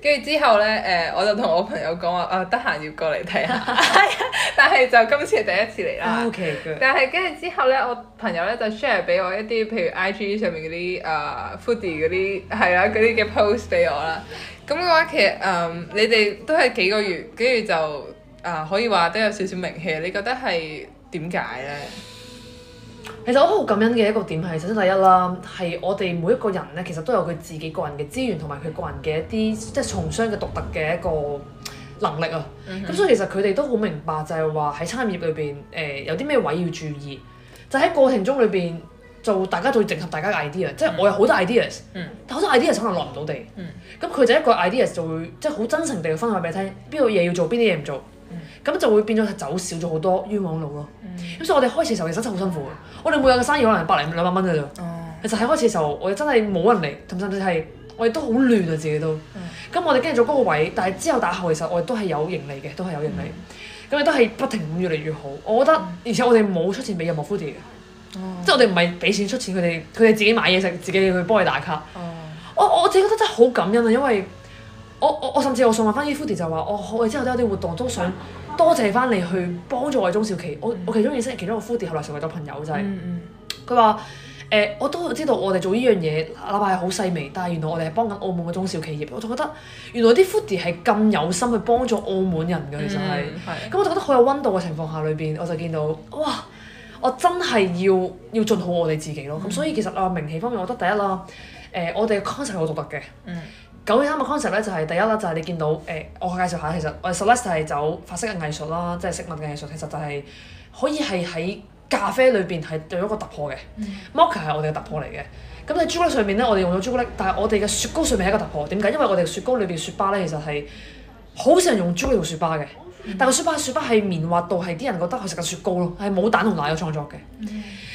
跟住之後咧，誒、呃、我就同我朋友講話，啊得閒要過嚟睇下。係啊，但係就今次係第一次嚟啦。O.K. 嘅 good.。但係跟住之後咧，我朋友咧就 share 俾我一啲，譬如 I.G 上面嗰啲誒、呃、foodie 嗰啲係啊嗰啲嘅 post 俾我啦。咁嘅 話其實誒、呃，你哋都係幾個月，跟住就啊、呃、可以話都有少少名氣。你覺得係點解咧？其實我都好感恩嘅一個點係，首先第一啦，係我哋每一個人咧，其實都有佢自己個人嘅資源同埋佢個人嘅一啲即係從商嘅獨特嘅一個能力啊。咁、mm hmm. 所以其實佢哋都好明白就係話喺餐飲業裏邊，誒、呃、有啲咩位要注意，就喺、是、過程中裏邊做，就大家做整合大家嘅 idea，mm hmm. 即係我有好多 idea，s、mm hmm. 但好多 idea s 可能落唔到地。咁佢、mm hmm. 就一個 idea s 就會即係好真誠地去分享俾你聽，邊個嘢要做，邊啲嘢唔做。咁就會變咗走少咗好多冤枉路咯。咁、嗯、所以我哋開始嘅時候其實真係好辛苦嘅。我哋每日嘅生意可能百零兩百蚊嘅咋。嗯、其實喺開始嘅時候，我哋真係冇人嚟，甚至係我哋都好亂啊，自己都。咁、嗯嗯、我哋跟住咗嗰個位，但係之後打後其實我哋都係有盈利嘅，都係有盈利。咁亦、嗯、都係不停越嚟越好。我覺得而且我哋冇出錢俾任何 foodie 嘅，即係、嗯、我哋唔係俾錢出錢，佢哋佢哋自己買嘢食，自己去幫你打卡。嗯、我我自己覺得真係好感恩啊，因為我我我甚至我送問翻啲 foodie 就話，我我之後都有啲活動都想、嗯。多謝翻你去幫助我哋中小企，嗯、我我其中認識其中一個 foodie，後來成為咗朋友。就係佢話誒，我都知道我哋做呢樣嘢哪怕係好細微，但係原來我哋係幫緊澳門嘅中小企業，我就覺得原來啲 foodie 係咁有心去幫助澳門人嘅。其實係咁我就覺得好有溫度嘅情況下裏邊，我就見到哇，我真係要要盡好我哋自己咯，咁、嗯、所以其實啊、呃、名氣方面，我覺得第一啦，誒、呃、我哋嘅 concept 好獨特嘅。嗯九點三嘅 concept 咧就係第一啦，就係、是、你見到誒、欸，我介紹下其實我嘅 Céleste 就係走法式嘅藝術啦，即係食物嘅藝術，其實就係可以係喺咖啡裏邊係有一個突破嘅。Mocha 係、嗯、我哋嘅突破嚟嘅，咁喺朱古力上面咧，我哋用咗朱古力，但係我哋嘅雪糕上面係一個突破，點解？因為我哋雪糕裏邊雪巴咧其實係好少人用朱古力同雪巴嘅，嗯、但係雪巴雪巴係綿滑到，係啲人覺得佢食緊雪糕咯，係冇蛋同奶嘅創作嘅。嗯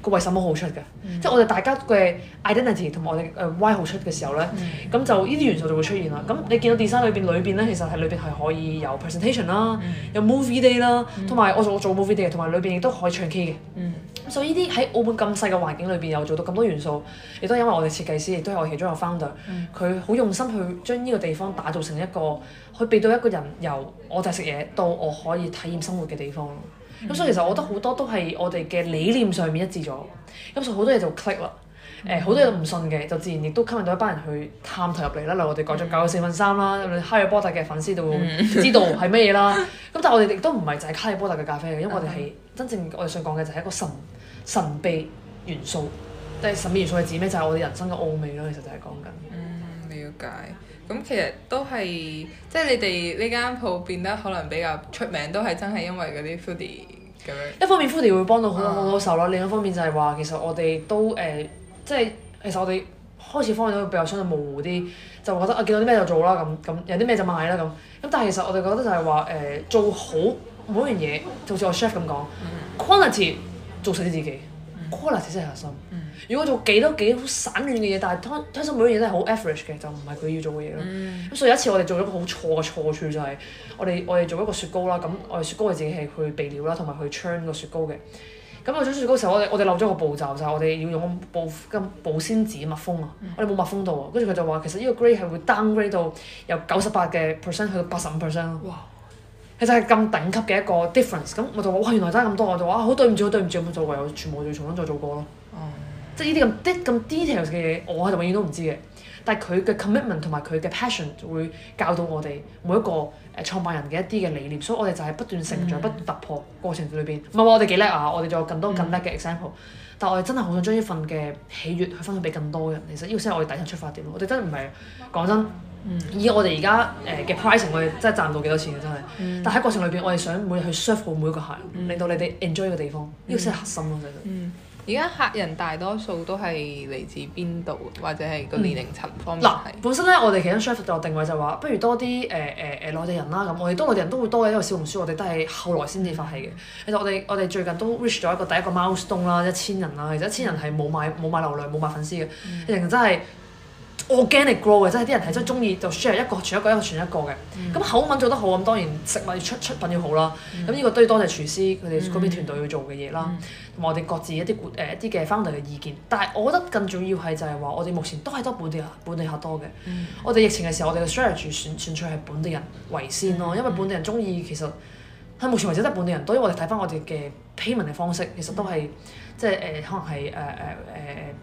個為什麼好出嘅，mm hmm. 即係我哋大家嘅 identity 同埋我哋誒、uh, why 好出嘅時候咧，咁、mm hmm. 就呢啲元素就會出現啦。咁你見到 design 裏邊裏邊咧，其實係裏邊係可以有 presentation 啦、mm，hmm. 有 movie day 啦、mm，同、hmm. 埋我做 movie day，同埋裏邊亦都可以唱 K 嘅。咁、mm hmm. 所以呢啲喺澳門咁細嘅環境裏邊又做到咁多元素，亦都係因為我哋設計師亦都係我其中一個 founder，佢好、mm hmm. 用心去將呢個地方打造成一個可以俾到一個人由我就係食嘢到我可以體驗生活嘅地方。咁所以其實我覺得好多都係我哋嘅理念上面一致咗，咁所以好多嘢就 click 啦，誒好、mm hmm. 多嘢都唔信嘅就自然亦都吸引到一班人去探頭入嚟啦，例如我哋講咗九四分三啦、mm，hmm. 哈利波特嘅粉絲都會知道係咩嘢啦。咁、mm hmm. 但係我哋亦都唔係就係哈利波特嘅咖啡嘅，因為我哋係、mm hmm. 真正我哋想講嘅就係一個神神秘元素，即係神秘元素係指咩？就係我哋人生嘅奧秘咯。其實就係講緊。嗯、mm，瞭、hmm. 解。咁其實都係，即係你哋呢間鋪變得可能比較出名，都係真係因為嗰啲 foodie 咁樣。一方面 foodie 會幫到好多好多手咯，uh、另一方面就係話其實我哋都誒、呃，即係其實我哋開始方向都比較相對模糊啲，就覺得啊見到啲咩就做啦咁咁，有啲咩就賣啦咁。咁但係其實我哋覺得就係話誒做好每樣嘢，就好似我 chef 咁講，quality 做實你自己。quality 真係核心。嗯、如果做幾多幾好散亂嘅嘢，但係當睇起身每樣嘢都係好 average 嘅，就唔係佢要做嘅嘢咯。咁、嗯、所以有一次我哋做咗個好錯嘅錯處就係、是，我哋我哋做一個雪糕啦，咁我哋雪糕係自己係去備料啦，同埋去 churn 個雪糕嘅。咁我做雪糕嘅時候，我哋我哋漏咗個步驟就係、是，我哋要用保金保鮮紙密封啊。我哋冇密封到啊，跟住佢就話其實呢個 grade 係會 downgrade 到由九十八嘅 percent 去到八十五 percent 咯。其實係咁頂級嘅一個 difference，咁我就話，哇，原來真係咁多，我就話好、啊、對唔住好對唔住，咁咪就我，全部要重新再做過咯。Oh. 即係呢啲咁咁 details 嘅嘢，我係永遠都唔知嘅。但係佢嘅 commitment 同埋佢嘅 passion 會教到我哋每一個誒創辦人嘅一啲嘅理念，所以我哋就係不斷成長、mm. 不斷突破過程裏邊。唔係話我哋幾叻啊，我哋仲有更多更叻嘅 example。Mm. 但係我哋真係好想將呢份嘅喜悅去分享俾更多人。其實呢個先係我哋第一個出發點。我哋真係唔係講真。以我哋而家誒嘅 pricing，我哋真係賺唔到幾多錢嘅真係。嗯、但喺過程裏邊，我哋想每日去 serve 每一個客人，嗯、令到你哋 enjoy 個地方，呢個先係核心咯，真係、嗯。而家在客人大多數都係嚟自邊度，或者係個年齡層方面？嗱、嗯，本身咧，我哋其實 serve 嘅定位就話，不如多啲誒誒誒內地人啦。咁我哋多內地人都會多嘅，因為小紅書我哋都係後來先至發起嘅。其實我哋我哋最近都 reach 咗一個第一個 milestone 啦，一千人啦，其實一千人係冇買冇、嗯、買流量冇買粉絲嘅人、嗯、真係。Organic grow 嘅，glow，即係啲人係真係中意就 share 一個傳一個，一個傳一個嘅。咁、嗯、口吻做得好，咁當然食物要出出品要好啦。咁呢、嗯、個都要多謝廚師佢哋嗰邊團隊要做嘅嘢啦，同埋、嗯、我哋各自一啲誒、呃、一啲嘅 founder 嘅意見。但係我覺得更重要係就係話，我哋目前都係多本地人，本地客多嘅。嗯、我哋疫情嘅時候，我哋嘅 share 住選選取係本地人為先咯，因為本地人中意其實喺目前為止都係本地人多，因為我哋睇返我哋嘅 payment 嘅方式，其實都係即係誒，可能係誒誒誒。呃呃呃呃呃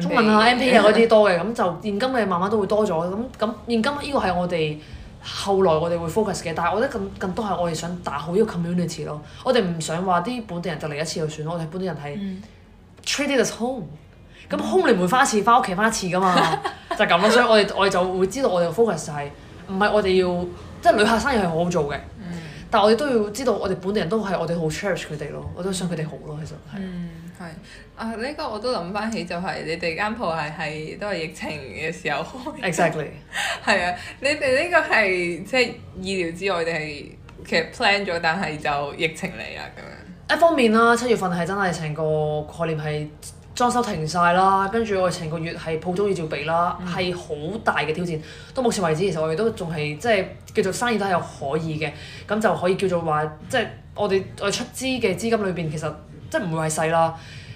中文啊，M P 啊嗰啲多嘅，咁、嗯、就現今嘅慢慢都會多咗，咁咁現今呢個係我哋後來我哋會 focus 嘅，但係我覺得更更多係我哋想打好呢個 community 咯，我哋唔想話啲本地人就嚟一次就算咯，我哋本地人係 treated as home，咁、嗯、home 你唔會返一次，返屋企返一次噶嘛， 就係咁咯，所以我哋我哋就會知道我哋嘅 focus 係唔係我哋要即係、就是、旅客生意係好好做嘅，嗯、但係我哋都要知道我哋本地人都係我哋好 cherish 佢哋咯，我都想佢哋好咯，其實係。嗯係啊，呢、這個我都諗翻起，就係你哋間鋪係係都係疫情嘅時候 Exactly。係啊，你哋呢個係即係意料之外定係其實 plan 咗，但係就疫情嚟啦咁樣。一方面啦，七月份係真係成個概念係裝修停晒啦，跟住我成個月係鋪租要照俾啦，係好、mm hmm. 大嘅挑戰。到目前為止，其實我哋都仲係即係叫做生意都係可以嘅，咁就可以叫做話即係我哋我出資嘅資金裏邊其實。即係唔會係細啦，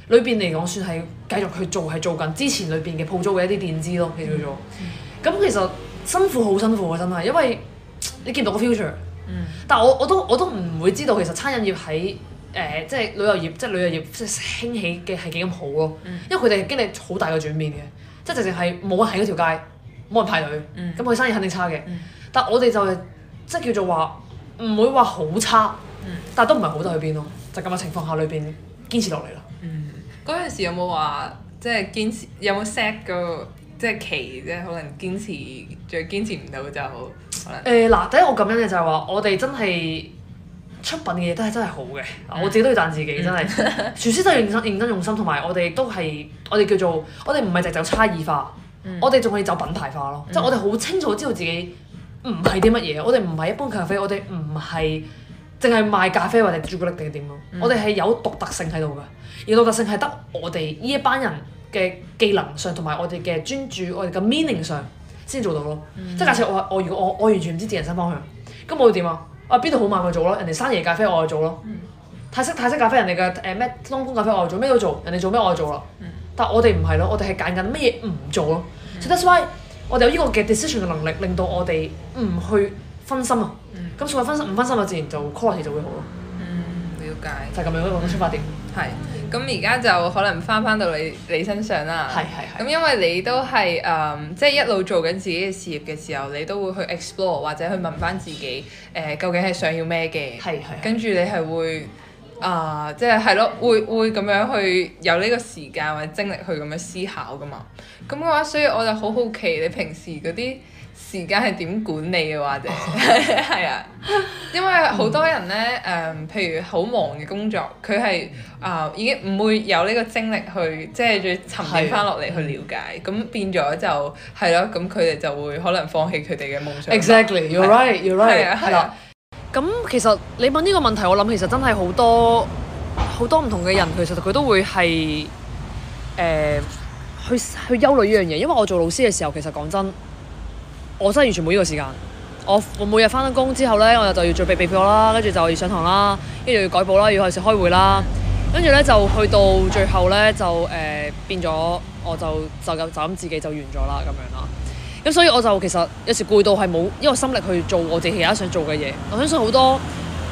裏邊嚟講算係繼續去做，係做緊之前裏邊嘅鋪租嘅一啲電資咯，叫做咁。嗯、其實辛苦好辛苦啊，真係，因為你見唔到個 future、嗯。但係我我都我都唔會知道，其實餐飲業喺誒即係旅遊業，即、就、係、是、旅遊業即係興起嘅係幾咁好咯。嗯、因為佢哋經歷好大嘅轉變嘅，即係直淨係冇人喺嗰條街，冇人排隊，咁佢、嗯、生意肯定差嘅。嗯、但係我哋就係、是、即係叫做話，唔會話好差，但係都唔係好得去邊咯。嗯就咁嘅情況下裏邊堅持落嚟咯。嗯，嗰陣時有冇話即係堅持？有冇 set 個即係期即係可能堅持？再堅持唔到就好。嗱、呃，第一我感恩嘅就係話我哋真係出品嘅嘢都係真係好嘅。 我自己都要讚自己，真係 廚師都要認真認真用心，同埋我哋都係我哋叫做我哋唔係淨係走差異化，嗯、我哋仲可以走品牌化咯。即係、嗯、我哋好清楚知道自己唔係啲乜嘢， 我哋唔係一般咖啡，我哋唔係。淨係賣咖啡或者朱古力定係點咯，嗯、我哋係有獨特性喺度噶，而獨特性係得我哋呢一班人嘅技能上同埋我哋嘅專注，我哋嘅 meaning 上先做到咯。嗯、即係假設我我如果我我完全唔知自己人生方向，咁我會點啊？我邊度好慢去做咯，人哋生椰咖啡我去做咯、嗯，泰式泰式咖啡人哋嘅誒咩東風咖啡我嚟做，咩都做，人哋做咩我去做咯。嗯、但係我哋唔係咯，我哋係揀緊乜嘢唔做咯。即係、嗯嗯 that's why，我哋有呢個嘅 decision 嘅能力，令到我哋唔去。分心啊！咁所謂分心唔分心啊，自然就 quality 就會好咯、啊。嗯，了解。就咁樣一個、就是、出發點。係。咁而家就可能翻翻到你你身上啦。係係。咁因為你都係誒，即、呃、係、就是、一路做緊自己嘅事業嘅時候，你都會去 explore 或者去問翻自己誒、呃，究竟係想要咩嘅？係係。跟住你係會啊，即係係咯，會會咁樣去有呢個時間或者精力去咁樣思考噶嘛。咁嘅話，所以我就好好奇你平時嗰啲。時間係點管理嘅話，就係啊，因為好多人呢，誒、呃，譬如好忙嘅工作，佢係啊，已經唔會有呢個精力去，即係再沉澱翻落嚟去了解，咁 變咗就係咯，咁佢哋就會可能放棄佢哋嘅夢想。Exactly, you're right、啊、you're right、啊。係啦、啊，咁其實你問呢個問題，我諗其實真係好多好多唔同嘅人，其實佢都會係、呃、去去憂慮呢樣嘢，因為我做老師嘅時候，其實講真。我真係完全冇呢個時間，我我每日翻咗工之後呢，我就要準備備課啦，跟住就要上堂啦，跟住要改簿啦，要有時開會啦，跟住呢，就去到最後呢，就誒、呃、變咗，我就就咁自己就完咗啦咁樣啦。咁所以我就其實有時攰到係冇呢個心力去做我自己而家想做嘅嘢。我相信好多誒、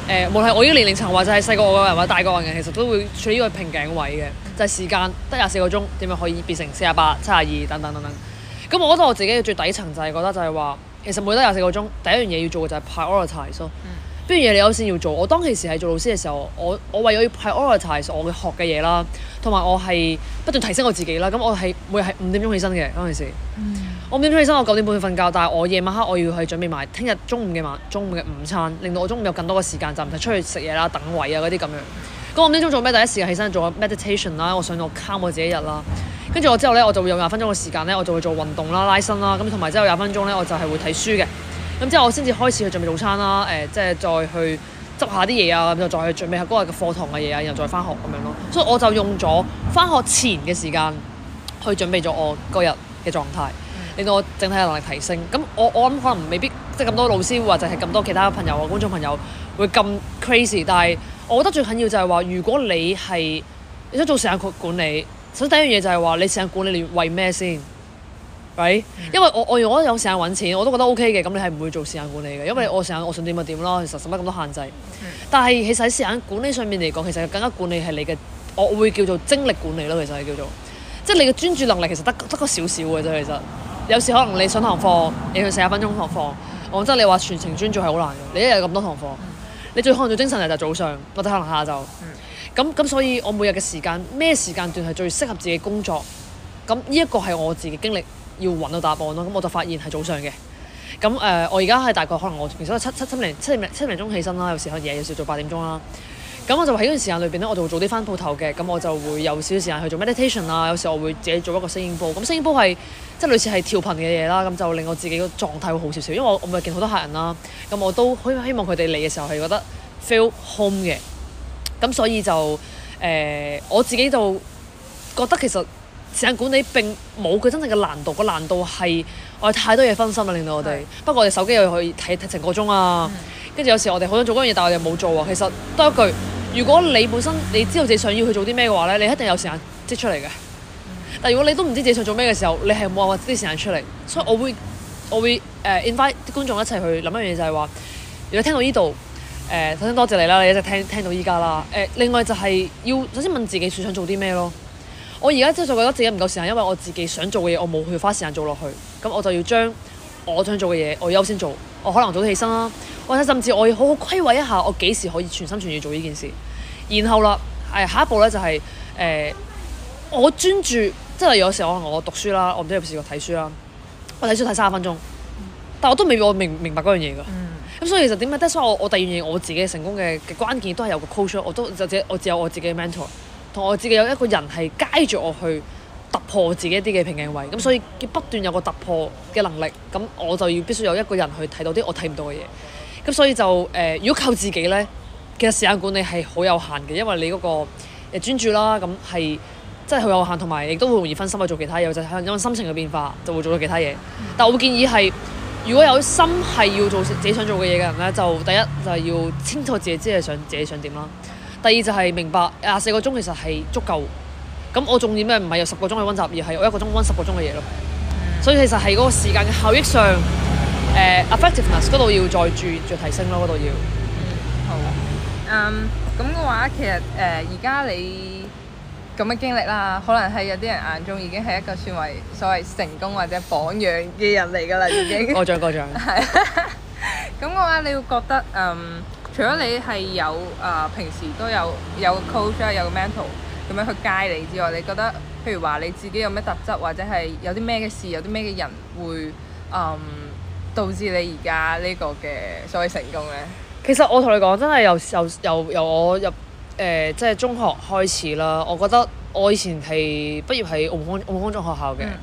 呃，無論係我呢個年齡層，或者係細過我嘅人，或者大過我嘅人，其實都會處於呢個瓶頸位嘅，就係、是、時間得廿四個鐘，點樣可以變成四十八、七十二等等等等。咁我覺得我自己嘅最底層就係覺得就係話，其實每日廿四個鐘，第一樣嘢要做嘅就係 prioritize 咯、so, 嗯，邊樣嘢你優先要做？我當其時係做老師嘅時候，我我為咗要 prioritize 我學嘅嘢啦，同埋我係不斷提升我自己啦。咁我係每日係五點鐘起身嘅當其時，嗯、我五點鐘起身我九點半瞓覺，但係我夜晚黑我要去準備埋聽日中午嘅晚中午嘅午餐，令到我中午有更多嘅時間，就唔使出去食嘢啦、等位啊嗰啲咁樣。都唔知想做咩，第一時間起身做 meditation 啦，我想我 calm 我自己一日啦。跟住我之後咧，我就會用廿分鐘嘅時間咧，我就會做運動啦、拉伸啦。咁同埋之後廿分鐘咧，我就係會睇書嘅。咁之後我先至開始去準備早餐啦，誒、呃，即係再去執下啲嘢啊，咁就再去準備嗰日嘅課堂嘅嘢啊，然後再翻學咁樣咯。所以我就用咗翻學前嘅時間去準備咗我嗰日嘅狀態，令到我整體嘅能力提升。咁我我諗可能未必即係咁多老師或者係咁多其他朋友啊，觀眾朋友會咁 crazy，但係。我覺得最緊要就係話，如果你係你想做時間管理，首先第一樣嘢就係話，你時間管理你為咩先？喂、right? mm，hmm. 因為我我如果有時間揾錢，我都覺得 OK 嘅，咁你係唔會做時間管理嘅，因為我時間我想點就點囉，其實使乜咁多限制。Mm hmm. 但係其實喺時間管理上面嚟講，其實更加管理係你嘅，我會叫做精力管理咯，其實係叫做，即係你嘅專注能力其實得得個少少嘅啫。其實有時可能你上堂課，課，你去四十分鐘堂課，課，我覺得你話全程專注係好難嘅，你一日有咁多堂課，課。你最可能最精神嘅就早上，或者可能下晝。咁咁、嗯，所以我每日嘅時間咩時間段係最適合自己工作？咁呢一個係我自己經歷要揾到答案咯。咁我就發現係早上嘅。咁誒、呃，我而家係大概可能我平時七七七,七,七零七零七零鐘起身啦，有時候夜，有時做八點鐘啦。咁我就喺呢段時間裏邊咧，我就會早啲返鋪頭嘅，咁我就會有少少時間去做 meditation 啦、啊。有時候我會自己做一個聲音波，咁聲音波係即係類似係調頻嘅嘢啦，咁就令我自己個狀態會好少少，因為我我咪見好多客人啦、啊，咁我都希望佢哋嚟嘅時候係覺得 feel home 嘅，咁所以就誒、呃、我自己就覺得其實時間管理並冇佢真正嘅難度，個難度係。我太多嘢分心啦，令到我哋。Right. 不過我哋手機又可以睇睇成個鐘啊。跟住、mm hmm. 有時我哋好想做嗰樣嘢，但我哋冇做啊。其實多一句，如果你本身你知道自己想要去做啲咩嘅話咧，你一定有時間擠出嚟嘅。Mm hmm. 但係如果你都唔知自己想做咩嘅時候，你係冇話擠啲時間出嚟。所以我會，我會誒、uh, invite 啲觀眾一齊去諗一樣嘢，就係、是、話，如果聽到呢度，誒、呃、首先多謝你啦，你一直聽聽到依家啦。誒、呃、另外就係要首先問自己想做啲咩咯。我而家真係就覺得，我自己唔夠時間，因為我自己想做嘅嘢，我冇去花時間做落去。咁我就要將我想做嘅嘢，我優先做。我可能早起身啦，或者甚至我要好好規劃一下，我幾時可以全心全意做呢件事。然後啦，誒、哎、下一步咧就係、是、誒、呃、我專注，即係有時可能我讀書啦，我唔知有冇試過睇書啦，我睇書睇三十分鐘，但我都未必我明白明白嗰樣嘢㗎。咁、嗯、所以其實點解？得？所以我我第二樣嘢，我自己成功嘅嘅關鍵都係有個 coach，我都或我只有我自己嘅 mentor。我自己有一個人係街住我去突破自己一啲嘅瓶頸位，咁所以要不斷有個突破嘅能力，咁我就要必須有一個人去睇到啲我睇唔到嘅嘢，咁所以就誒、呃，如果靠自己呢，其實時間管理係好有限嘅，因為你嗰個誒專注啦，咁係真係好有限，同埋亦都好容易分心去做其他嘢，就可能因為心情嘅變化就會做到其他嘢。嗯、但我會建議係，如果有心係要做自己想做嘅嘢嘅人呢，就第一就係、要清楚自己真係想自己想點啦。第二就係明白廿四個鐘其實係足夠，咁我重點咩唔係有十個鐘去温習，而係我一個鐘温十個鐘嘅嘢咯。所以其實係嗰個時間嘅效益上，誒 effectiveness 嗰度要再注再提升咯，嗰度要。嗯，好。嗯，咁嘅話其實誒而家你咁嘅經歷啦，可能係有啲人眼中已經係一個算為所謂成功或者榜樣嘅人嚟噶啦，已經。過獎過獎。係。咁嘅話，你會覺得嗯？除咗你係有啊、呃，平時都有有個 coach 啊，有個 mentor 咁樣去 guide 你之外，你覺得譬如話你自己有咩特質，或者係有啲咩嘅事，有啲咩嘅人會嗯、呃、導致你而家呢個嘅所謂成功呢？其實我同你講，真係由由由我入誒、呃，即係中學開始啦。我覺得我以前係畢業喺澳門澳門高中學校嘅。咁、mm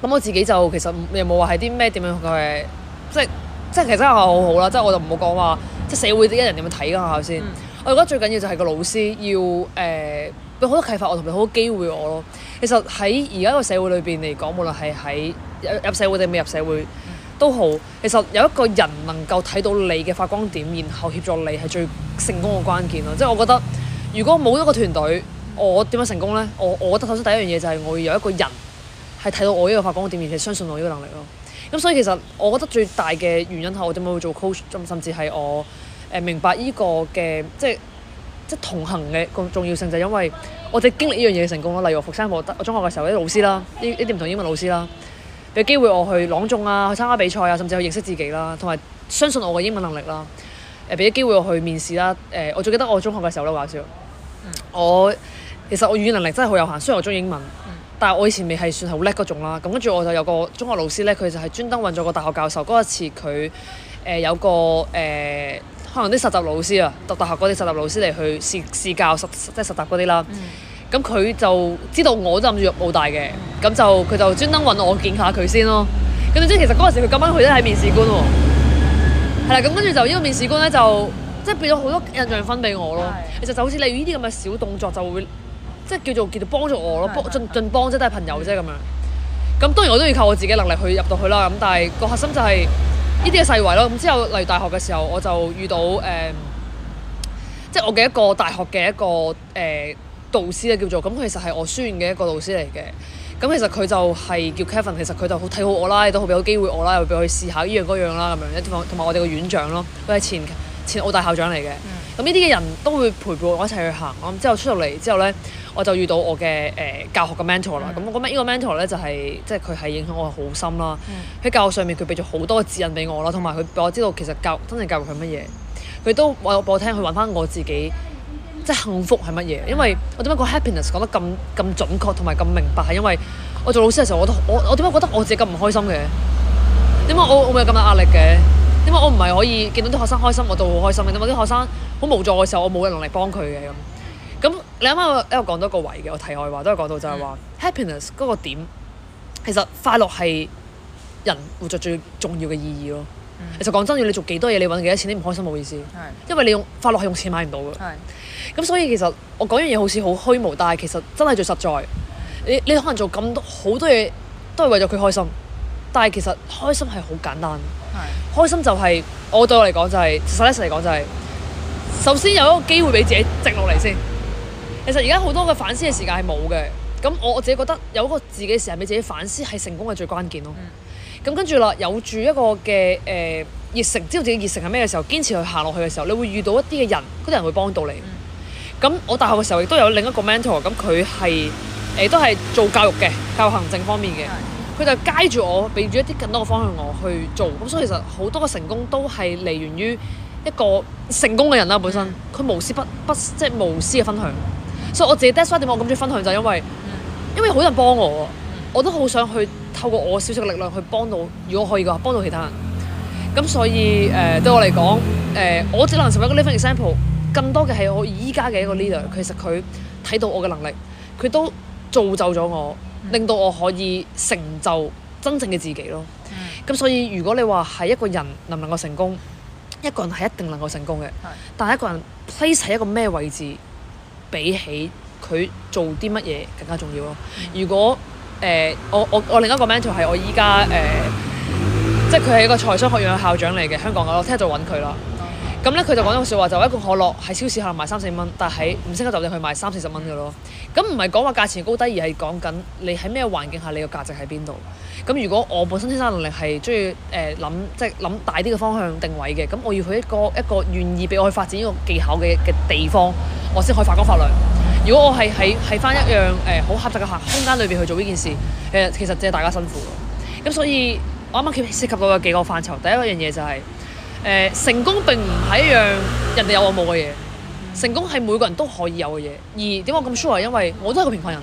hmm. 我自己就其實又冇話係啲咩點樣去，即係即係其實真係好好啦。即係我就唔好講話。即係社會啲一人點樣睇㗎？係咪先？我覺得最緊要就係個老師要誒俾好多啟發我，同埋好多機會我咯。其實喺而家個社會裏邊嚟講，無論係喺入社會定未入社會、嗯、都好，其實有一個人能夠睇到你嘅發光點，然後協助你係最成功嘅關鍵咯。即係我覺得，如果冇一個團隊，我點樣成功呢？我我覺得首先第一樣嘢就係我要有一個人係睇到我呢個發光點，而且相信我呢個能力咯。咁、嗯、所以其實我覺得最大嘅原因係我點解會做 coach，甚至係我誒、呃、明白呢個嘅即係即係同行嘅個重要性，就係、是、因為我哋經歷呢樣嘢嘅成功咯。例如我佛山我中學嘅時候啲老師啦，呢依啲唔同英文老師啦，俾機會我去朗誦啊，去參加比賽啊，甚至去認識自己啦，同埋相信我嘅英文能力啦。誒俾啲機會我去面試啦。誒、呃、我最記得我中學嘅時候都話説我其實我語言能力真係好有限，雖然我鍾意英文，但係我以前未係算係好叻嗰種啦，咁跟住我就有個中學老師咧，佢就係專登揾咗個大學教授。嗰、呃、一次佢誒有個誒、呃，可能啲實習老師啊，讀大學嗰啲實習老師嚟去試試教實即係實,實習嗰啲啦。咁佢、嗯、就知道我澳就諗住入澳大嘅，咁就佢就專登揾我見下佢先咯。咁即係其實嗰陣時佢咁啱佢都係面試官喎，係啦。咁跟住就呢個面試官咧就即係變咗好多印象分俾我咯。的其實就好似你呢啲咁嘅小動作就會。即係叫做叫做幫助我咯，幫盡盡幫啫，都係朋友啫咁樣。咁當然我都要靠我自己能力去入到去啦。咁但係個核心就係呢啲嘅勢圍咯。咁之後嚟大學嘅時候，我就遇到誒，即、呃、係、就是、我嘅一個大學嘅一個誒、呃、導師咧，叫做咁其實係我書院嘅一個導師嚟嘅。咁其實佢就係叫 Kevin，其實佢就好睇好我啦，亦都好俾有機會我啦，又俾我去試下依樣嗰樣啦咁樣。同埋我哋個院長咯，佢係前前澳大校長嚟嘅。咁呢啲嘅人都會陪伴我一齊去行。咁之後出到嚟之後咧。我就遇到我嘅誒、呃、教學嘅 mentor 啦，咁我覺得呢個 mentor 咧就係即係佢係影響我好深啦。喺教學上面佢俾咗好多嘅指引俾我啦，同埋佢俾我知道其實教真正教育係乜嘢。佢都話俾我聽佢揾翻我自己，即係幸福係乜嘢？嗯、因為我點解講 happiness 講得咁咁準確同埋咁明白，係因為我做老師嘅時候，我都我我點解覺得我自己咁唔開心嘅？點解我我會有咁嘅壓力嘅？點解我唔係可以見到啲學生開心我就好開心嘅？點解啲學生好無助嘅時候我冇能力幫佢嘅咁？你啱啱喺度講多個位嘅，我題外話都係講到就係話、嗯、happiness 嗰個點其實快樂係人活着最重要嘅意義咯。嗯、其實講真，要你做幾多嘢，你揾幾多錢，你唔開心冇意思，是因為你用快樂係用錢買唔到嘅。咁是所以其實我講樣嘢好似好虛無，但係其實真係最實在。你你可能做咁多好多嘢都係為咗佢開心，但係其實開心係好簡單。是開心就係、是、我對我嚟講就係、是，實質嚟講就係、是，首先有一個機會俾自己靜落嚟先。其實而家好多嘅反思嘅時間係冇嘅，咁我我自己覺得有個自己嘅時間俾自己反思係成功嘅最關鍵咯。咁跟住啦，有住一個嘅誒、呃、熱誠，知道自己熱誠係咩嘅時候，堅持去行落去嘅時候，你會遇到一啲嘅人，嗰啲人會幫到你。咁、嗯、我大學嘅時候亦都有另一個 mentor，咁佢係誒都係做教育嘅，教育行政方面嘅，佢、嗯、就 guide 住我，俾住一啲更多嘅方向我去做。咁、嗯、所以其實好多嘅成功都係嚟源於一個成功嘅人啦，本身佢、嗯、無私不不即係、就是、無私嘅分享。所以我自己點解我咁中意分享就係因為，因為好多人幫我，我都好想去透過我少少嘅力量去幫到，如果可以嘅話幫到其他人。咁所以誒，對我嚟講，誒我只能成為一個 living example，更多嘅係我依家嘅一個 leader。其實佢睇到我嘅能力，佢都造就咗我，令到我可以成就真正嘅自己咯。咁所以如果你話係一個人能唔能夠成功，一個人係一定能夠成功嘅，但係一個人 place 喺一個咩位置？比起佢做啲乜嘢更加重要咯。如果誒、呃，我我我另一個 mentor 係我依家誒，即係佢係一個財商學院嘅校長嚟嘅，香港嘅，我聽日就揾佢啦。咁咧佢就講咗個說話，就話、是、一罐可樂喺超市可能賣三四蚊，但喺五星級酒店去賣三四十蚊嘅咯。咁唔係講話價錢高低，而係講緊你喺咩環境下你個價值喺邊度。咁如果我本身天生能力係中意誒諗，即係諗大啲嘅方向定位嘅，咁我要去一個一個願意俾我去發展呢個技巧嘅嘅地方，我先可以發光發亮。如果我係喺喺翻一樣誒好狹窄嘅空間裏邊去做呢件事，呃、其實其實正係大家辛苦咯。咁所以我啱啱其實涉及到有幾個範疇，第一樣嘢就係、是。誒、呃、成功並唔係一樣人哋有我冇嘅嘢，成功係每個人都可以有嘅嘢。而點解我咁 sure？因為我都係一個平凡人，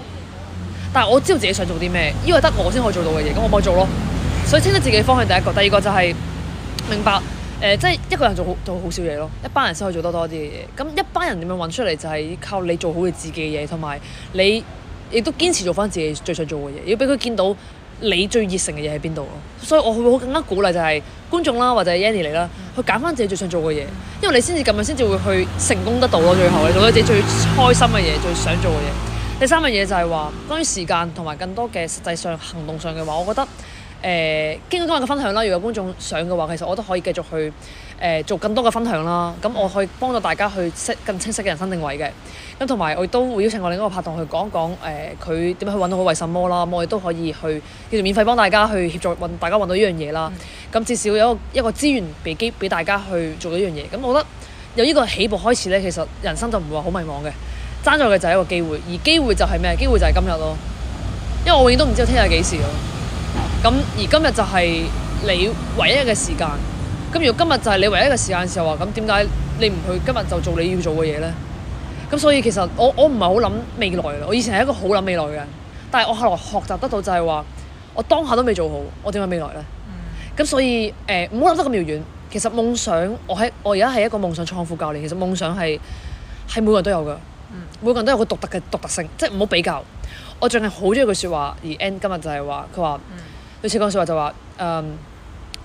但係我知道自己想做啲咩，因為得我先可以做到嘅嘢，咁我咪做咯。所以清楚自己嘅方向，第一個，第二個就係、是、明白誒，即、呃、係、就是、一個人做好做好少嘢咯，一班人先可以做得多啲嘅嘢。咁一班人點樣揾出嚟？就係靠你做好你自己嘅嘢，同埋你亦都堅持做翻自己最想做嘅嘢，要俾佢見到。你最熱誠嘅嘢喺邊度咯？所以我會好更加鼓勵就係觀眾啦，或者 Yanny 嚟啦，去揀翻自己最想做嘅嘢，因為你先至咁樣先至會去成功得到咯。最後你做咗自己最開心嘅嘢，最想做嘅嘢。第三樣嘢就係話關於時間同埋更多嘅實際上行動上嘅話，我覺得誒、呃、經過今日嘅分享啦，如果觀眾想嘅話，其實我都可以繼續去。誒做更多嘅分享啦，咁我可以幫助大家去識更清晰嘅人生定位嘅，咁同埋我亦都會邀請我另一個拍檔去講講誒佢點樣去揾到好為什麼啦，我亦都可以去叫做免費幫大家去協助大家揾到呢樣嘢啦，咁至少有一個一個資源俾機俾大家去做到呢樣嘢，咁我覺得由呢個起步開始呢，其實人生就唔會話好迷茫嘅，爭在嘅就係一個機會，而機會就係咩？機會就係今日咯，因為我永遠都唔知道聽日幾時咯，咁而今日就係你唯一嘅時間。咁如果今日就係你唯一嘅時間時候話，咁點解你唔去今日就做你要做嘅嘢咧？咁所以其實我我唔係好諗未來嘅，我以前係一個好諗未來嘅，但係我後來學習得到就係話，我當下都未做好，我點解未來咧？咁、嗯、所以誒唔好諗得咁遙遠。其實夢想，我喺我而家係一個夢想創富教練。其實夢想係係每個人都有嘅，嗯、每個人都有個獨特嘅獨特性，即係唔好比較。我最近好中意一句説話，而 N 今日就係話佢話，佢、嗯、似講説話就話誒。嗯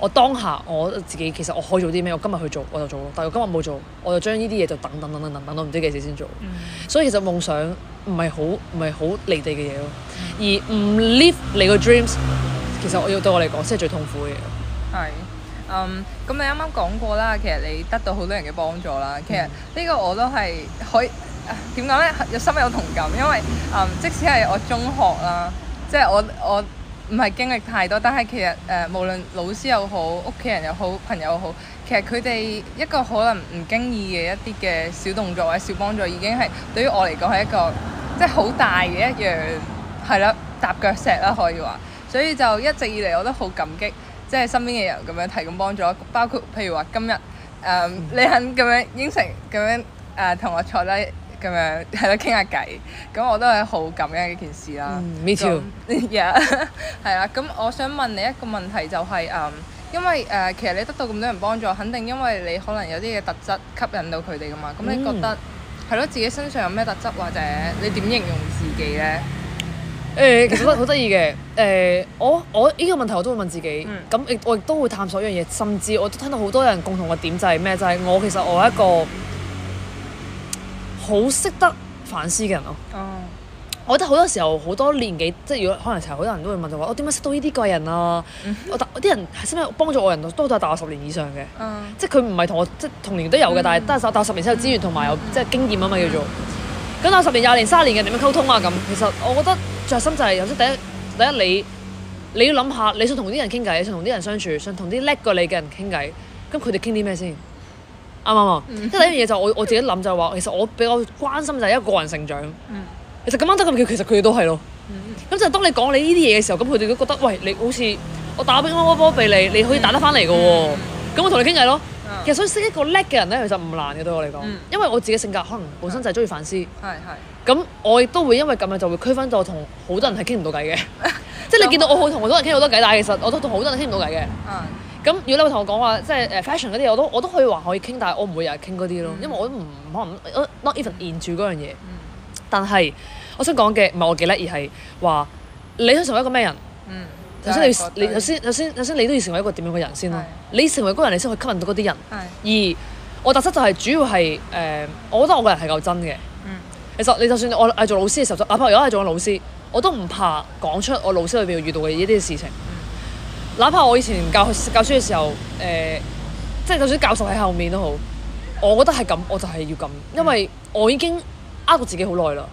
我當下我自己其實我可以做啲咩？我今日去做我就做咯，但係我今日冇做，我就將呢啲嘢就等等等等等，等，等到唔知幾時先做。嗯、所以其實夢想唔係好唔係好離地嘅嘢咯，而唔 live 你個 dreams，其實我要對我嚟講先係最痛苦嘅嘢。係，咁、嗯、你啱啱講過啦，其實你得到好多人嘅幫助啦，其實呢個我都係可以點講呢？有心有同感，因為、嗯、即使係我中學啦，即係我我。我唔係經歷太多，但係其實誒、呃，無論老師又好，屋企人又好，朋友又好，其實佢哋一個可能唔經意嘅一啲嘅小動作或者小幫助，已經係對於我嚟講係一個即係好大嘅一樣，係啦，踏腳石啦、啊、可以話。所以就一直以嚟我都好感激，即係身邊嘅人咁樣提供幫助，包括譬如話今日誒、呃，你肯咁樣應承咁樣誒同、呃、我坐低。咁樣係咯，傾下偈，咁我都係好感恩呢件事啦。Me too，係啊，係啊。咁我想問你一個問題就係、是、誒，因為誒、呃、其實你得到咁多人幫助，肯定因為你可能有啲嘅特質吸引到佢哋噶嘛。咁、嗯、你覺得係咯，自己身上有咩特質或者你點形容自己呢？誒、欸，其實好得意嘅誒，我我呢個問題我都會問自己，咁、嗯、我亦都會探索一樣嘢，甚至我都聽到好多人共同嘅點就係咩？就係、是就是就是、我其實我係一個。好識得反思嘅人咯、啊，我覺得好多時候好多年紀，即係如果可能係好多人都會問我話，我點解識到呢啲貴人啊？Mm hmm. 我啲人係識咩幫助我人，都係大我十年以上嘅、mm hmm.，即係佢唔係同我即係同年都有嘅，mm hmm. 但係但係但十年先有資源同埋有、mm hmm. 即係經驗啊嘛叫做，咁、就是、大我十年廿年卅年嘅點樣溝通啊咁？其實我覺得着心就係、是、首先第一第一你你要諗下，你想同啲人傾偈，想同啲人相處，想同啲叻過你嘅人傾偈，咁佢哋傾啲咩先？啱啊！即係第一樣嘢就我我自己諗就係話，其實我比較關心就係一個個人成長。其實咁啱得咁橋，其實佢哋都係咯。咁就當你講你呢啲嘢嘅時候，咁佢哋都覺得，喂，你好似我打乒乓波波俾你，你可以打得翻嚟嘅喎。咁我同你傾偈咯。咯，其實想識一個叻嘅人咧，其實唔難嘅對我嚟講，因為我自己性格可能本身就係中意反思。咁我亦都會因為咁樣就會區分到同好多人係傾唔到偈嘅。即係你見到我會同好多人傾好多偈，但其實我都同好多人傾唔到偈嘅。咁、嗯、如果你會同我講話，嗯、即係誒 fashion 嗰啲我都我都可以話可以傾，但係我唔會日日傾嗰啲咯，嗯、因為我都唔可能，not even in 住嗰樣嘢。但係我想講嘅唔係我幾叻，而係話你想成為一個咩人？首先你你先頭先頭先你都要成為一個點樣嘅人先啦。是你成為嗰個人，你先可以吸引到嗰啲人。是而我特質就係主要係誒、呃，我覺得我個人係夠真嘅。嗯、其實你就算我係做老師嘅時候，哪怕而家係做緊老師，我都唔怕講出我老師裏邊要遇到嘅呢啲事情。嗯哪怕我以前教教書嘅時候，誒、呃，即、就、係、是、就算教授喺後面都好，我覺得係咁，我就係要咁，因為我已經呃過自己好耐啦，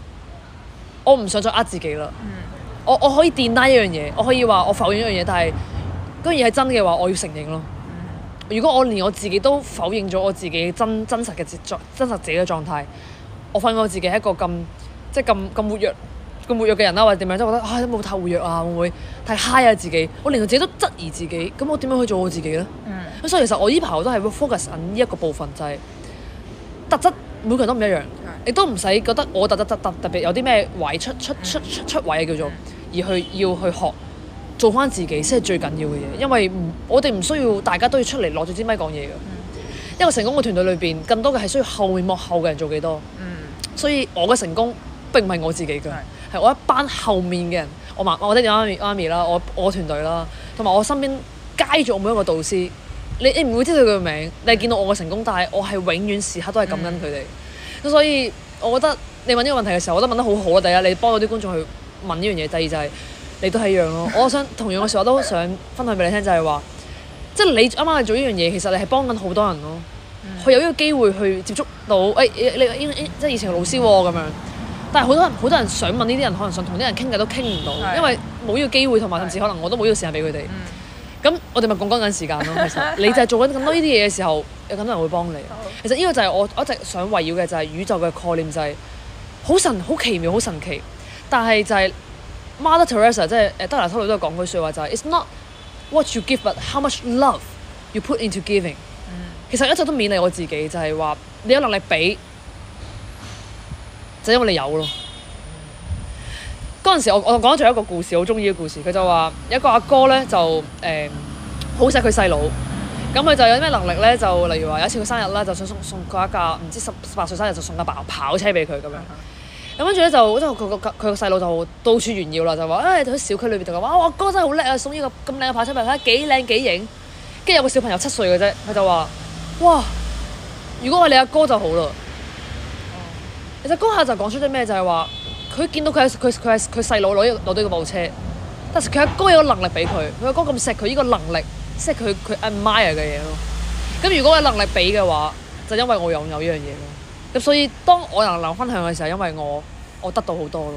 我唔想再呃自己啦。我我可以 deny 一樣嘢，我可以話我，我否認一樣嘢，但係嗰樣嘢係真嘅話，我要承認咯。如果我連我自己都否認咗我自己真真實嘅狀真實自己嘅狀態，我發現我自己係一個咁即係咁咁活躍。個活躍嘅人啦，或者點樣都覺得，唉、哎，冇太活躍啊，會唔會太嗨啊自己？我連我自己都質疑自己，咁我點樣可以做我自己呢？咁、mm hmm. 所以其實我呢排我都係會 focus 緊呢一個部分，就係、是、特質，每個人都唔一樣，你、mm hmm. 都唔使覺得我特特特特別有啲咩位出出出出,出,出,出,出,出位啊叫做，而去要去學做翻自己先係最緊要嘅嘢，因為我哋唔需要大家都要出嚟攞住支咪講嘢噶，mm hmm. 因為成功嘅團隊裏邊，更多嘅係需要後面幕後嘅人做幾多，mm hmm. 所以我嘅成功並唔係我自己嘅。Mm hmm. 係我一班後面嘅人，我媽、我爹哋、媽咪、媽咪啦，我我團隊啦，同埋我身邊街住我每一個導師，你你唔會知道佢嘅名，你係見到我嘅成功，但係我係永遠時刻都係感恩佢哋。咁、嗯、所以，我覺得你問呢個問題嘅時候，我覺得問得好好啊！第一，你幫嗰啲觀眾去問呢樣嘢；第二就係、是、你都係一樣咯。 我想同樣嘅時候，我都想分享俾你聽，就係、是、話，即、就、係、是、你啱啱係做呢樣嘢，其實你係幫緊好多人咯。佢、嗯、有呢個機會去接觸到誒、哎、你，即係以前嘅老師喎咁樣。但係好多人，好多人想問呢啲人，可能想同啲人傾偈都傾唔到，是因為冇呢個機會，同埋甚至可能我都冇呢個時間俾佢哋。咁、嗯、我哋咪講緊時間咯。其實 你就係做緊咁多呢啲嘢嘅時候，有咁多人會幫你。好其實呢個就係我一直想圍繞嘅就係宇宙嘅概念，就係、是、好神、好奇妙、好神奇。但係就係 Mother Teresa，即係誒，德蘭修女都係講句説話，就係 It's not what you give，but how much love you put into giving。嗯、其實一直都勉勵我自己，就係、是、話你有能力俾。就因為你有咯，嗰陣時我我講咗仲有一個故事，好中意嘅故事。佢就話一個阿哥咧，就誒，好錫佢細佬。咁、欸、佢就有啲咩能力咧？就例如話有一次佢生日啦，就想送送佢一架唔知十八歲生日就送架跑跑車俾佢咁樣。咁跟住咧就佢個佢個細佬就到處炫耀啦，就話誒，喺小區裏邊就話我哥真係好叻啊，送呢個咁靚嘅跑車俾佢，幾靚幾型。跟住有個小朋友七歲嘅啫，佢就話哇，如果係你阿哥，哥就好啦。其實高下就講出啲咩？就係話佢見到佢係佢佢係佢細佬攞攞到嗰部車，但係佢阿哥有能力俾佢，佢阿哥咁錫佢呢個能力，即係佢佢 admire 嘅嘢咯。咁如果我有能力俾嘅話，就因為我擁有呢樣嘢咯。咁所以當我有能力分享嘅時候，因為我我得到好多咯。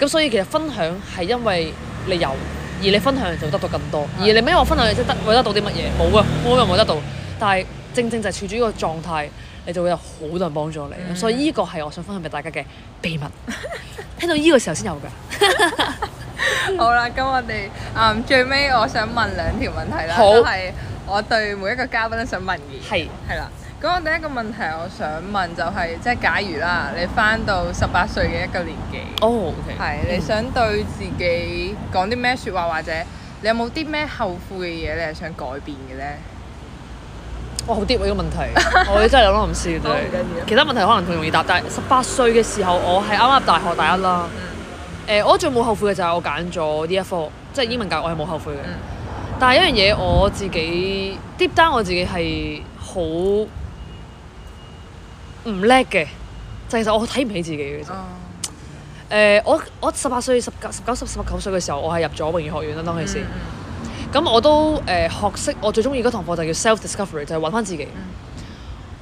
咁所以其實分享係因為你有，而你分享就得到更多。而你咩我分享你即得會得到啲乜嘢？冇啊，我冇冇得到。但係正正就處於呢個狀態。你就會有好多人幫助你，mm hmm. 所以呢個係我想分享俾大家嘅秘密。 聽到呢個時候先有㗎。 好啦，咁我哋誒、嗯、最尾我想問兩條問題啦，好都係我對每一個嘉賓都想問嘅。係係是啦，咁我第一個問題我想問就係、是，即、就、係、是、假如啦，你翻到十八歲嘅一個年紀，哦、oh, okay.，係你想對自己講啲咩説話，或者你有冇啲咩後悔嘅嘢，你係想改變嘅呢？哇，好 deep 喎呢個問題， 我真係有啲唔試嘅， 其他問題可能仲容易答，但係十八歲嘅時候，我係啱啱入大學大一啦。誒、呃，我最冇後悔嘅就係我揀咗呢一科，即係英文教，我係冇後悔嘅。嗯、但係一樣嘢，我自己、嗯、deep down 我自己係好唔叻嘅，就其、是、實我睇唔起自己嘅。誒、嗯呃，我我十八歲、十九、十九十、十八九歲嘅時候，我係入咗榮譽學院啦，當其時、嗯。咁我都誒、呃、學識我最中意嗰堂課就叫 self discovery，就係揾翻自己。嗯、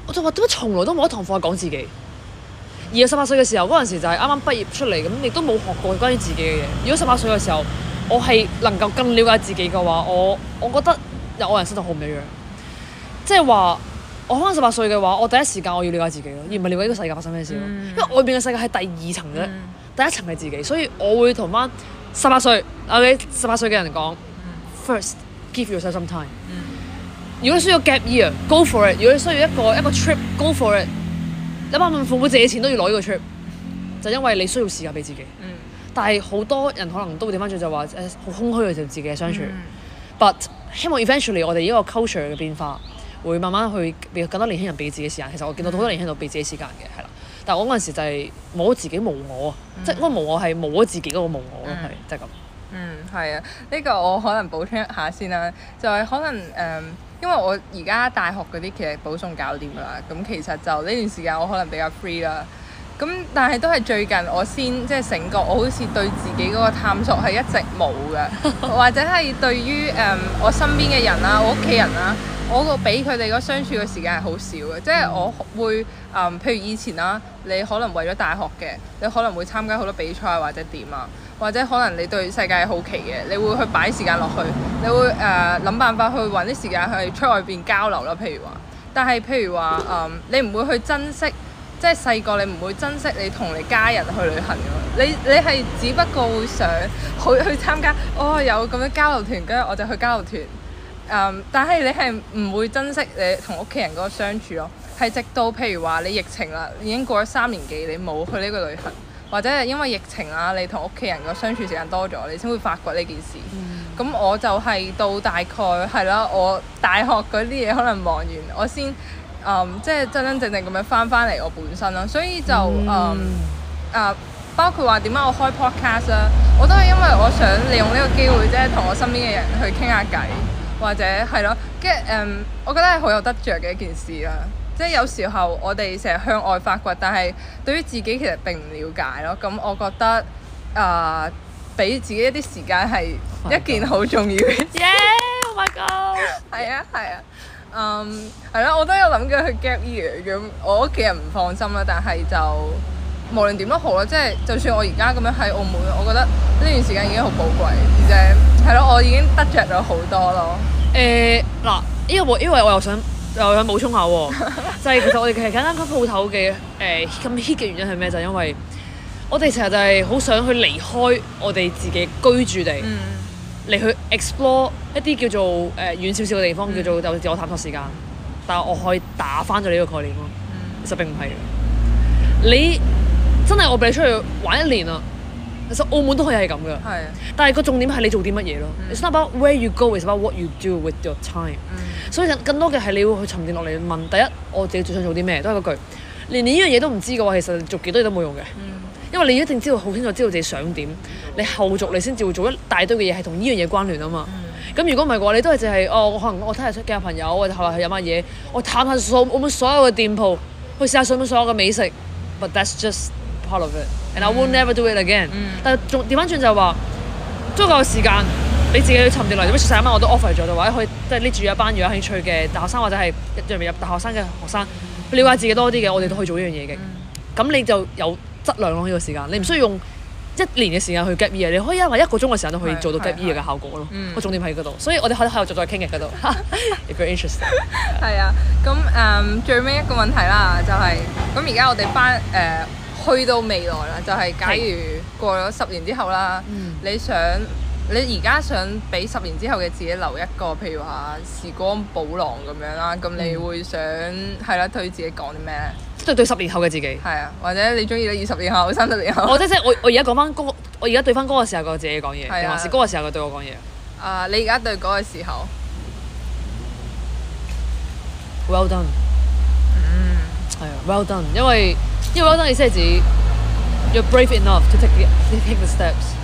我就話點解從來都冇一堂課係講自己。而十八歲嘅時候嗰陣時就係啱啱畢業出嚟，咁亦都冇學過關於自己嘅嘢。如果十八歲嘅時候我係能夠更了解自己嘅話，我我覺得有我人生就好唔一樣。即係話我可能十八歲嘅話，我第一時間我要了解自己咯，嗯、而唔係了解呢個世界發生咩事咯。嗯、因為外面嘅世界係第二層嘅，嗯、第一層係自己，所以我會同翻十八歲 ok 十八歲嘅人講。First, give yourself some time、mm。如果需要 gap year，go for it；如果需要一個一個 trip，go for it your family, your family, your money, trip.。諗下，問父母借錢都要攞呢個 trip，就因為你需要時間俾自己。但係好多人可能都會點翻轉就話，好空虛嚟同自己嘅相處。But 希望 eventually 我哋呢個 culture 嘅變化會慢慢去俾更多年輕人俾自己時間。其實我見到好多年輕人都俾自己時間嘅，係啦。但係我嗰陣時就係冇咗自己冇我，即係嗰個冇我係冇咗自己嗰個冇我咯，係即係咁。嗯，係啊，呢、這個我可能補充一下先啦，就係、是、可能誒、嗯，因為我而家大學嗰啲其實補送搞掂㗎啦，咁其實就呢段時間我可能比較 free 啦。咁但係都係最近我先即係醒覺我好似對自己嗰個探索係一直冇嘅， 或者係對於誒、um, 我身邊嘅人啦、啊，我屋企人啦、啊，我個俾佢哋嗰相處嘅時間係好少嘅，即係我會誒、嗯、譬如以前啦、啊，你可能為咗大學嘅，你可能會參加好多比賽或者點啊，或者可能你對世界好奇嘅，你會去擺時間落去，你會誒諗、uh, 辦法去揾啲時間去出外邊交流啦，譬如話，但係譬如話誒，um, 你唔會去珍惜。即係細個你唔會珍惜你同你家人去旅行㗎嘛？你你係只不過會想去去參加哦，有咁樣交流團，跟住我就去交流團。嗯，但係你係唔會珍惜你同屋企人嗰個相處咯。係直到譬如話你疫情啦，已經過咗三年幾，你冇去呢個旅行，或者係因為疫情啊，你同屋企人個相處時間多咗，你先會發掘呢件事。咁，嗯，我就係到大概係啦，我大學嗰啲嘢可能望完，我先。Um, 即係真真正正咁樣翻返嚟我本身啦，所以就誒誒、嗯 um, 啊，包括話點解我開 podcast 咧，我都係因為我想利用呢個機會咧，同我身邊嘅人去傾下偈，或者係咯，跟住、um, 我覺得係好有得着嘅一件事啦。即係有時候我哋成日向外發掘，但係對於自己其實並唔了解咯。咁我覺得誒，俾、呃、自己一啲時間係一件好重要嘅事。Yeah！Oh my God。係啊，係啊。嗯，係啦、um，我都有諗緊去 gap year 嘅，我屋企人唔放心啦，但係就無論點都好啦，即係就算我而家咁樣喺澳門，我覺得呢段時間已經好寶貴，而且係咯，我已經得着咗好多咯。誒、欸，嗱，呢個因為我又想又想補充下喎，就係其實我哋其實間間鋪頭嘅誒咁 hit 嘅原因係咩？就係因為我哋成日就係好想去離開我哋自己居住地。嗯嚟去 explore 一啲叫做誒遠少少嘅地方，嗯、叫做就自我探索時間。但係我可以打翻咗呢個概念咯，嗯、其實並唔係。你真係我俾你出去玩一年啦，其實澳門都可以係咁嘅。係啊。但係個重點係你做啲乜嘢咯？It's about where you go, it's about what you do with your time、嗯。所以更多嘅係你要去沉澱落嚟問：第一，我自己最想做啲咩？都係嗰句，連你呢樣嘢都唔知嘅話，其實做幾多嘢都冇用嘅。嗯。因為你一定知道好清楚知道自己想點，你後續你先至會做一大堆嘅嘢，係同呢樣嘢關聯啊嘛。咁、mm hmm. 如果唔係嘅話，你都係淨係哦，我可能我睇下想見下朋友，或者後來去飲下嘢，我探下澳門所有嘅店鋪，去嘗嘗試下上面所有嘅美食。But that's just part of it, and I will never do it again、mm。Hmm. 但係仲調翻轉就係、是、話，足夠嘅時間，你自己去沉澱嚟做啲嘢。如果我都 offer 咗嘅話，就是、可以即係呢住一班如有興趣嘅大學生或者係一樣未入大學生嘅學生，瞭解自己多啲嘅，我哋都可以做一樣嘢嘅。咁、mm hmm. 你就有。質量咯呢個時間，嗯、你唔需要用一年嘅時間去 gap year，你可以因為一個鐘嘅時,時間都可以做到 gap year 嘅效果咯。個重是點喺嗰度，嗯、所以我哋可以喺度再再傾嘅嗰度。 If you're interested，係啊，咁誒、um, 最尾一個問題啦，就係咁而家我哋翻誒去到未來啦，就係、是、假如過咗十年之後啦，嗯、你想？你而家想俾十年之後嘅自己留一個，譬如話時光寶藏咁樣啦，咁你會想係啦、嗯、對自己講啲咩咧？對對，十年後嘅自己。係啊，或者你中意你二十年後，三十年後我。哦， 即即我我而家講翻嗰我而家對翻嗰個時候嘅自己講嘢，同埋時嗰個時候嘅對我講嘢。啊，uh, 你而家對嗰個時候。Well done。嗯。係啊，Well done，因為因為 Well done 意思係指己，you're brave enough to take take the steps。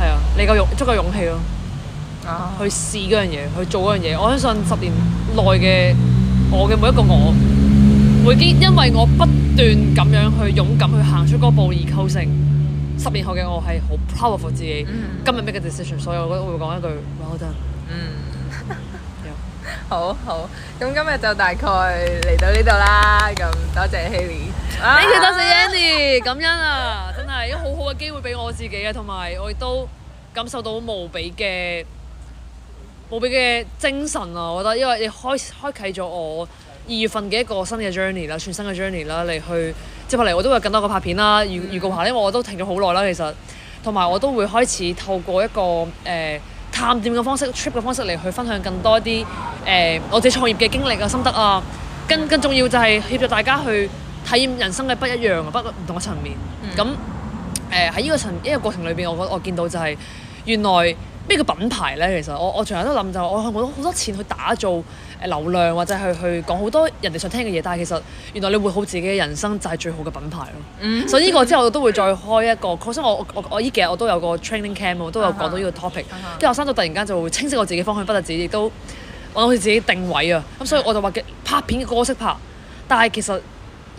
係啊，你夠勇，足夠勇氣咯，去試嗰樣嘢，去做嗰樣嘢。我相信十年內嘅我嘅每一個我，會堅，因為我不斷咁樣去勇敢去行出嗰步而構成十年後嘅我係好 powerful 自己。今日 make 嘅 decision，所以我覺得會講一句，唔該曬。嗯，好，好，咁今日就大概嚟到呢度啦。咁多謝 Hailey，多謝多謝 Yanni，咁樣啊！係一好好嘅機會俾我自己嘅，同埋我亦都感受到無比嘅無比嘅精神啊！我覺得因我我，因為你開開啟咗我二月份嘅一個新嘅 journey 啦，全新嘅 journey 啦，嚟去接落嚟，我都有更多嘅拍片啦，預預告下咧，因為我都停咗好耐啦，其實，同埋我都會開始透過一個誒、呃、探店嘅方式、trip 嘅方式嚟去分享更多啲誒、呃、我哋創業嘅經歷啊、心得啊，跟更，更重要就係協助大家去體驗人生嘅不一樣不一樣不唔同嘅層面。咁、嗯誒喺呢個層呢、這個過程裏邊，我覺我見到就係原來咩叫品牌呢？其實我我成日都諗就我好多錢去打造誒流量，或者係去，去講好多人哋想聽嘅嘢。但係其實原來你活好自己嘅人生就係最好嘅品牌咯。Mm hmm. 所以呢個之後我都會再開一個。可惜 我我我依幾日我都有個 training camp，我都有講到呢個 topic、uh。啲學生就突然間就會清晰我自己方向，不但自己亦都揾到佢自己定位啊。咁所以我就話拍片嘅角色拍，但係其實。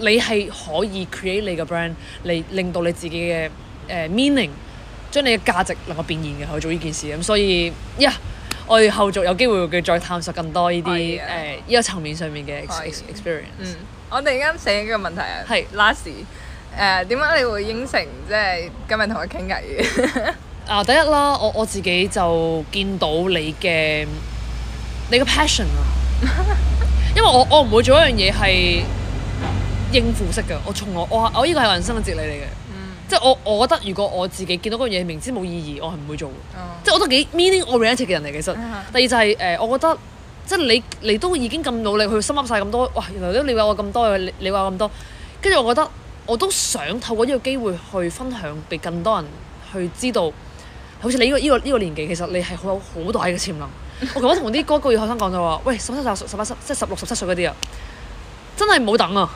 你係可以 create 你個 brand，嚟令到你自己嘅誒、uh, meaning，將你嘅價值能夠變現嘅去做呢件事咁，所以呀，yeah, 我哋後續有機會會再探索更多呢啲誒呢個層面上面嘅 ex experience。嗯，我突然間醒起個問題啊，係 lastly 誒，點解你會應承即係今日同我傾偈嘅？ 啊，第一啦，我我自己就見到你嘅你嘅 passion 啊， 因為我我唔會做一樣嘢係。嗯應付式㗎，我從來我我呢個係人生嘅哲理嚟嘅，qu right 嗯、即係我我覺得如果我自己見到嗰樣嘢，明知冇意義，我係唔會做即係、哦、我都幾 meaning-oriented 嘅人嚟。其實、嗯嗯、第二就係、是、誒、呃，我覺得即係你你都已經咁努力，佢心凹曬咁多，哇！原來你都你話我咁多，你你話咁多，跟住我覺得我都想透過呢個機會去分享俾更多人去知道，好似你呢、呢個呢個呢個年紀，其實你係好有好大嘅潛能。我同啲高高二學生講就話、嗯：， 喂，十七、十十八十即十六十七歲嗰啲啊，真係唔好等啊！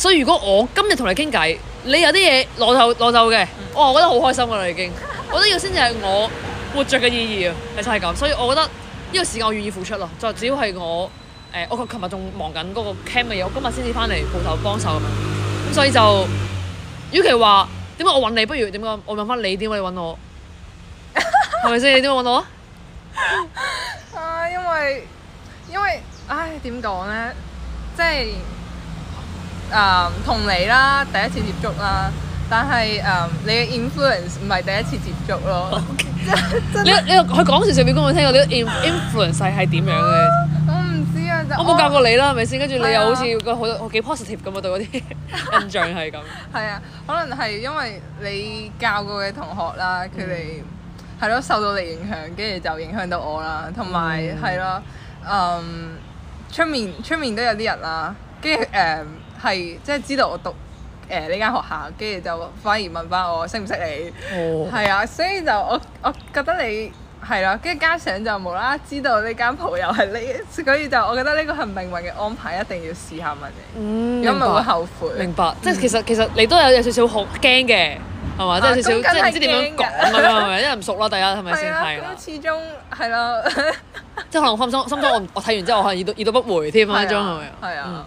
所以如果我今日同你傾偈，你有啲嘢攞走攞走嘅，我又覺得好開心噶啦，已經，我覺得呢個先至係我活著嘅意義啊，係就係咁。所以我覺得呢個時間我願意付出咯。就只要係我誒、呃，我琴日仲忙緊嗰個 Camp 嘅嘢，我今日先至翻嚟鋪頭幫手咁樣。咁所以就，與其話：「點解我揾你，不如點解我揾翻你？點解你揾我？係咪先？你點解揾我？ 啊，因為因為唉，點講咧，即係。就是誒同你啦，第一次接觸啦，但係誒你嘅 influence 唔係第一次接觸咯。你你佢講時上面講我聽，你 influence 係係點樣嘅？我唔知啊，就我冇教過你啦，係咪先？跟住你又好似個好幾 positive 咁啊，我對嗰啲印象係咁。係啊，可能係因為你教過嘅同學啦，佢哋係咯受到你影響，跟住就影響到我啦。同埋係咯，嗯，出面出面都有啲人啦，跟住誒。係，即係知道我讀誒呢間學校，跟住就反而問翻我識唔識你？係啊，所以就我我覺得你係啦，跟住加上就冇啦，知道呢間鋪又係你，所以就我覺得呢個係命運嘅安排，一定要試下問你，咁咪會後悔。明白，即係其實其實你都有有少少好驚嘅，係嘛？即係少少即係唔知點樣講咁樣，因為唔熟啦，大家係咪先係？都始終係咯，即係可能我心心我睇完之後我可能耳到意到不回添，嗰種係咪啊？係啊。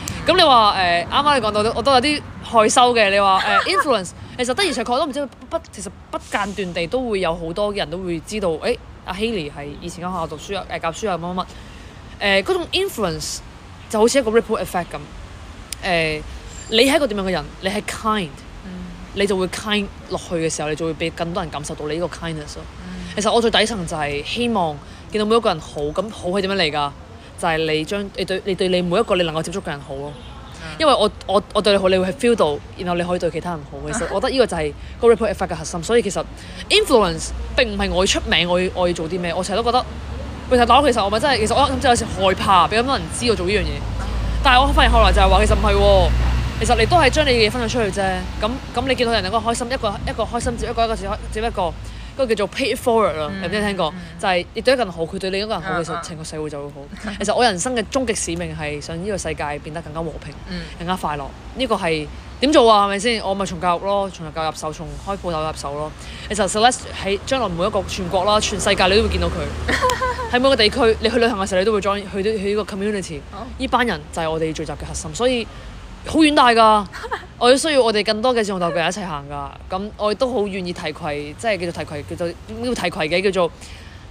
咁你話誒啱啱你講到，我都有啲害羞嘅。你話誒、呃、 influence，其實得而且確都唔知不，其實不間斷地都會有好多人都會知道，誒、欸、阿 Hailey 係以前間學校讀書啊，誒、呃、教書啊，乜乜乜。誒嗰種 influence 就好似一個 ripple effect 咁。誒、呃，你係一個點樣嘅人？你係 kind、mm. 你就會 kind 落去嘅時候，你就會俾更多人感受到你呢個 kindness 咯。Mm. 其實我最底層就係希望見到每一個人好，咁好係點樣嚟㗎？就係你將你對你對你每一個你能夠接觸嘅人好咯，因為我我我對你好，你會係 feel 到，然後你可以對其他人好。其實我覺得呢個就係個 report effect 嘅核心。所以其實 influence 並唔係我要出名，我要我要做啲咩，我成日都覺得，其實但係其實我咪真係，其實我諗住有時害怕俾咁多人知道我做呢樣嘢。但係我發現後來就係話，其實唔係喎，其實你都係將你嘅嘢分享出去啫。咁咁你見到人嗰個開心，一個一個開心，只一個一個接接一嗰個叫做 pay it forward 有冇、嗯、聽過？嗯、就係你對一個人好，佢對另一個人好，其實成個社會就會好。其實我人生嘅終極使命係想呢個世界變得更加和平、嗯、更加快樂。呢、這個係點做啊？係咪先？我咪從教育咯，從教育入手，從開課就入手咯。其實 Céleste 喺將來每一個全國啦、全世界你都會見到佢。喺每個地區，你去旅行嘅時候你都會 join，去去呢個 community。呢好班人就係我哋聚集嘅核心，所以。好遠大㗎， 我需要我哋更多嘅志同道合嘅人一齊行㗎。咁我亦都好願意提攜，即係叫做提攜，叫做要提攜嘅叫做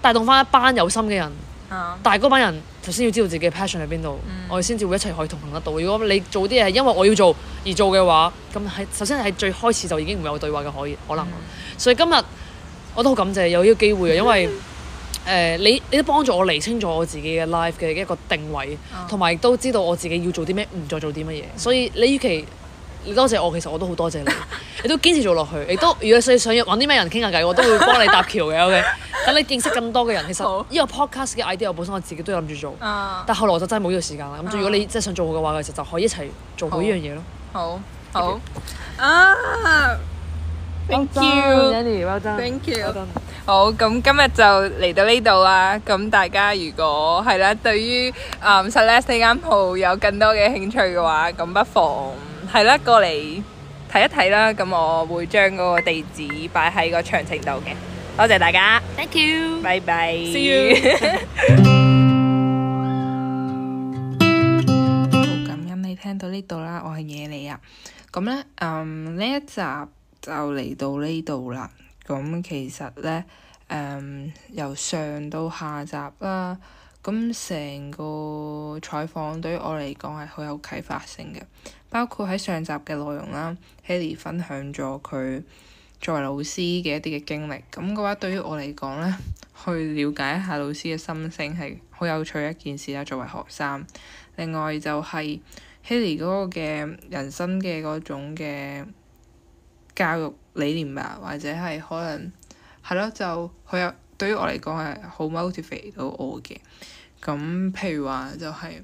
帶動翻一班有心嘅人。Uh. 但係嗰班人首先要知道自己嘅 passion 喺邊度，mm. 我哋先至會一齊可以同行得到。如果你做啲嘢係因為我要做而做嘅話，咁係首先係最開始就已經唔會有對話嘅，可以可能。Mm. 所以今日我都好感謝有呢個機會啊，因為。Mm. 誒、呃，你你都幫助我釐清咗我自己嘅 life 嘅一個定位，同埋亦都知道我自己要做啲咩，唔再做啲乜嘢。所以你與其，你多謝我，其實我都好多謝你。 你都堅持做落去，亦都如果你想揾啲咩人傾下偈，我都會幫你搭橋嘅。OK，等 你認識更多嘅人，其實呢個 podcast 嘅 idea，我本身我自己都有諗住做，uh, 但後來我就真係冇呢個時間啦。咁、uh, uh, 如果你真係想做嘅話，其實就可以一齊做呢樣嘢咯。好，好 okay?、uh Thank you，Jenny，包真。Thank you，好，咁今日就嚟到呢度啦。咁大家如果係啦，對於嗯 Céleste 呢間鋪有更多嘅興趣嘅話，咁不妨係啦，過嚟睇一睇啦。咁我會將嗰個地址擺喺個詳情度嘅。多謝大家，Thank you，拜拜，See you。好感恩你聽到呢度啦，我係野梨啊。咁咧，嗯，呢一集。就嚟到呢度啦，咁其實呢，誒、嗯、由上到下集啦，咁成個採訪對於我嚟講係好有啟發性嘅，包括喺上集嘅內容啦 ，Hailey 分享咗佢作為老師嘅一啲嘅經歷，咁嘅話對於我嚟講呢，去了解一下老師嘅心聲係好有趣一件事啦。作為學生，另外就係 Hailey 嗰個嘅人生嘅嗰種嘅。教育理念吧，或者係可能係咯，就佢有對於我嚟講，係好 motivate 到我嘅。咁譬如話，就係，就係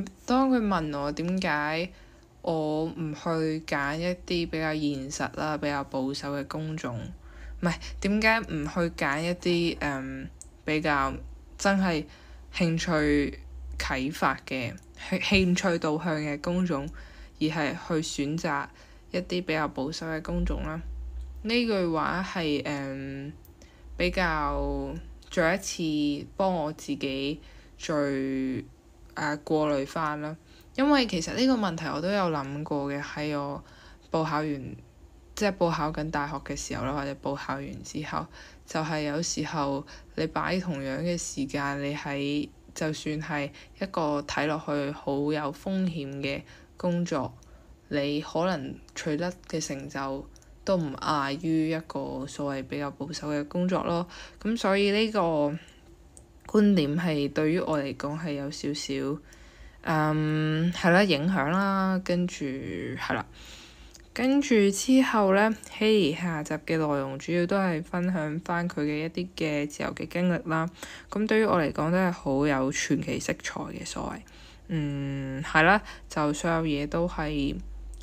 佢當佢問我點解我唔去揀一啲比較現實啦，比較保守嘅工種？唔係，點解唔去揀一啲誒、嗯、比較真係興趣啟發嘅、興趣導向嘅工種，而係去選擇。一啲比較保守嘅工種啦，呢句話係誒、嗯、比較再一次幫我自己最誒、啊、過濾翻啦。因為其實呢個問題我都有諗過嘅，喺我報考完即係、就是、報考緊大學嘅時候啦，或者報考完之後，就係、是、有時候你擺同樣嘅時間，你喺就算係一個睇落去好有風險嘅工作。你可能取得嘅成就都唔亞於一個所謂比較保守嘅工作咯，咁所以呢個觀點係對於我嚟講係有少少，嗯，係啦影響啦，跟住係啦，跟住之後呢，希、Hailey，下集嘅內容主要都係分享返佢嘅一啲嘅自由嘅經歷啦。咁對於我嚟講都係好有傳奇色彩嘅所謂，嗯係啦，就所有嘢都係。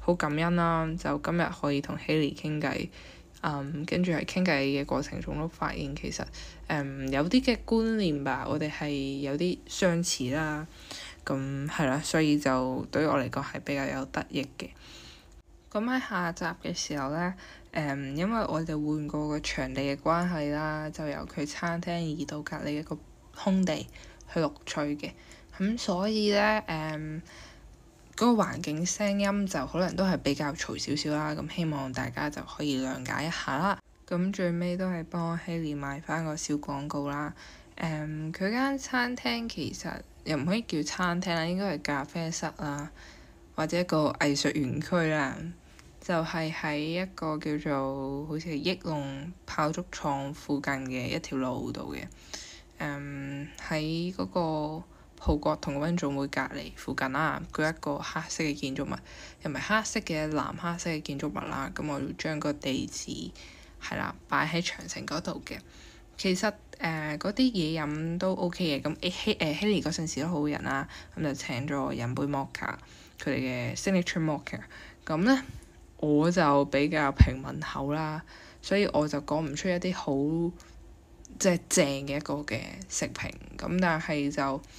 好感恩啦，就今日可以同 Hailey 傾偈，嗯，跟住係傾偈嘅過程中都發現其實，嗯，有啲嘅觀念吧，我哋係有啲相似啦，咁、嗯、係啦，所以就對於我嚟講係比較有得益嘅。咁喺、嗯、下集嘅時候呢，誒、嗯，因為我哋換過個場地嘅關係啦，就由佢餐廳移到隔離一個空地去錄取嘅，咁、嗯、所以呢。誒、嗯。嗰個環境聲音就可能都係比較嘈少少啦，咁希望大家就可以諒解一下啦。咁最尾都係幫希 i l l 翻個小廣告啦。佢、嗯、間餐廳其實又唔可以叫餐廳啦，應該係咖啡室啦，或者一個藝術園區啦，就係、是、喺一個叫做好似益隆炮竹廠附近嘅一條路度嘅。喺、嗯、嗰、那個。葡國同個溫總會隔離附近啦、啊，佢一個黑色嘅建築物，又唔係黑色嘅，藍黑色嘅建築物啦、啊。咁我就將個地址係啦，擺喺長城嗰度嘅。其實誒嗰啲嘢飲都 O K 嘅。咁希誒 Hailey 嗰陣時都好人啦、啊，咁就請咗我飲杯摩卡、ok ok，佢哋嘅 signature m o c 摩卡。咁咧我就比較平民口啦，所以我就講唔出一啲好即係正嘅一個嘅食評。咁但係就～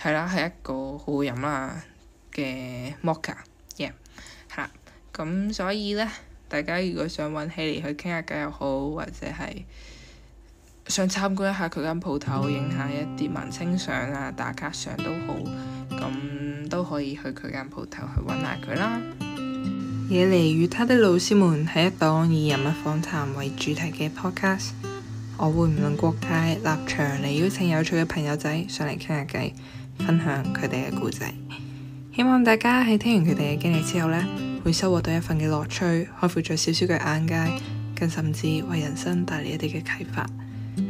係啦，係一個好好飲啦嘅 mocha 嘢嚇，咁所以呢，大家如果想揾起嚟去傾下偈又好，或者係想參觀一下佢間鋪頭，影下一啲文青相啊、打卡相都好，咁都可以去佢間鋪頭去揾下佢啦。野梨與他的老師們係一檔以人物訪談為主題嘅 podcast，我會唔論國界立場嚟邀請有趣嘅朋友仔上嚟傾下偈，分享佢哋嘅故事，希望大家喺聽完佢哋嘅經歷之後呢，會收穫到一份嘅樂趣，開闊咗少少嘅眼界，更甚至為人生帶嚟一啲嘅啟發。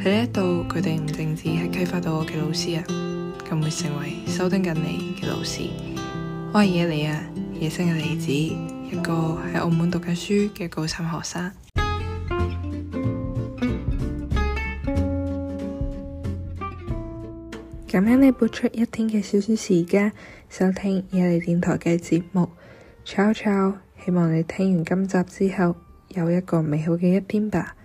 喺呢度，佢哋唔淨止係啟發到我嘅老師啊，更會成為收聽緊你嘅老師。我係野梨啊，野生嘅梨子，一個喺澳門讀緊書嘅高三學生。感恩你撥出一天嘅少少時間收聽野梨電台嘅節目，炒炒，希望你聽完今集之後有一個美好嘅一天吧。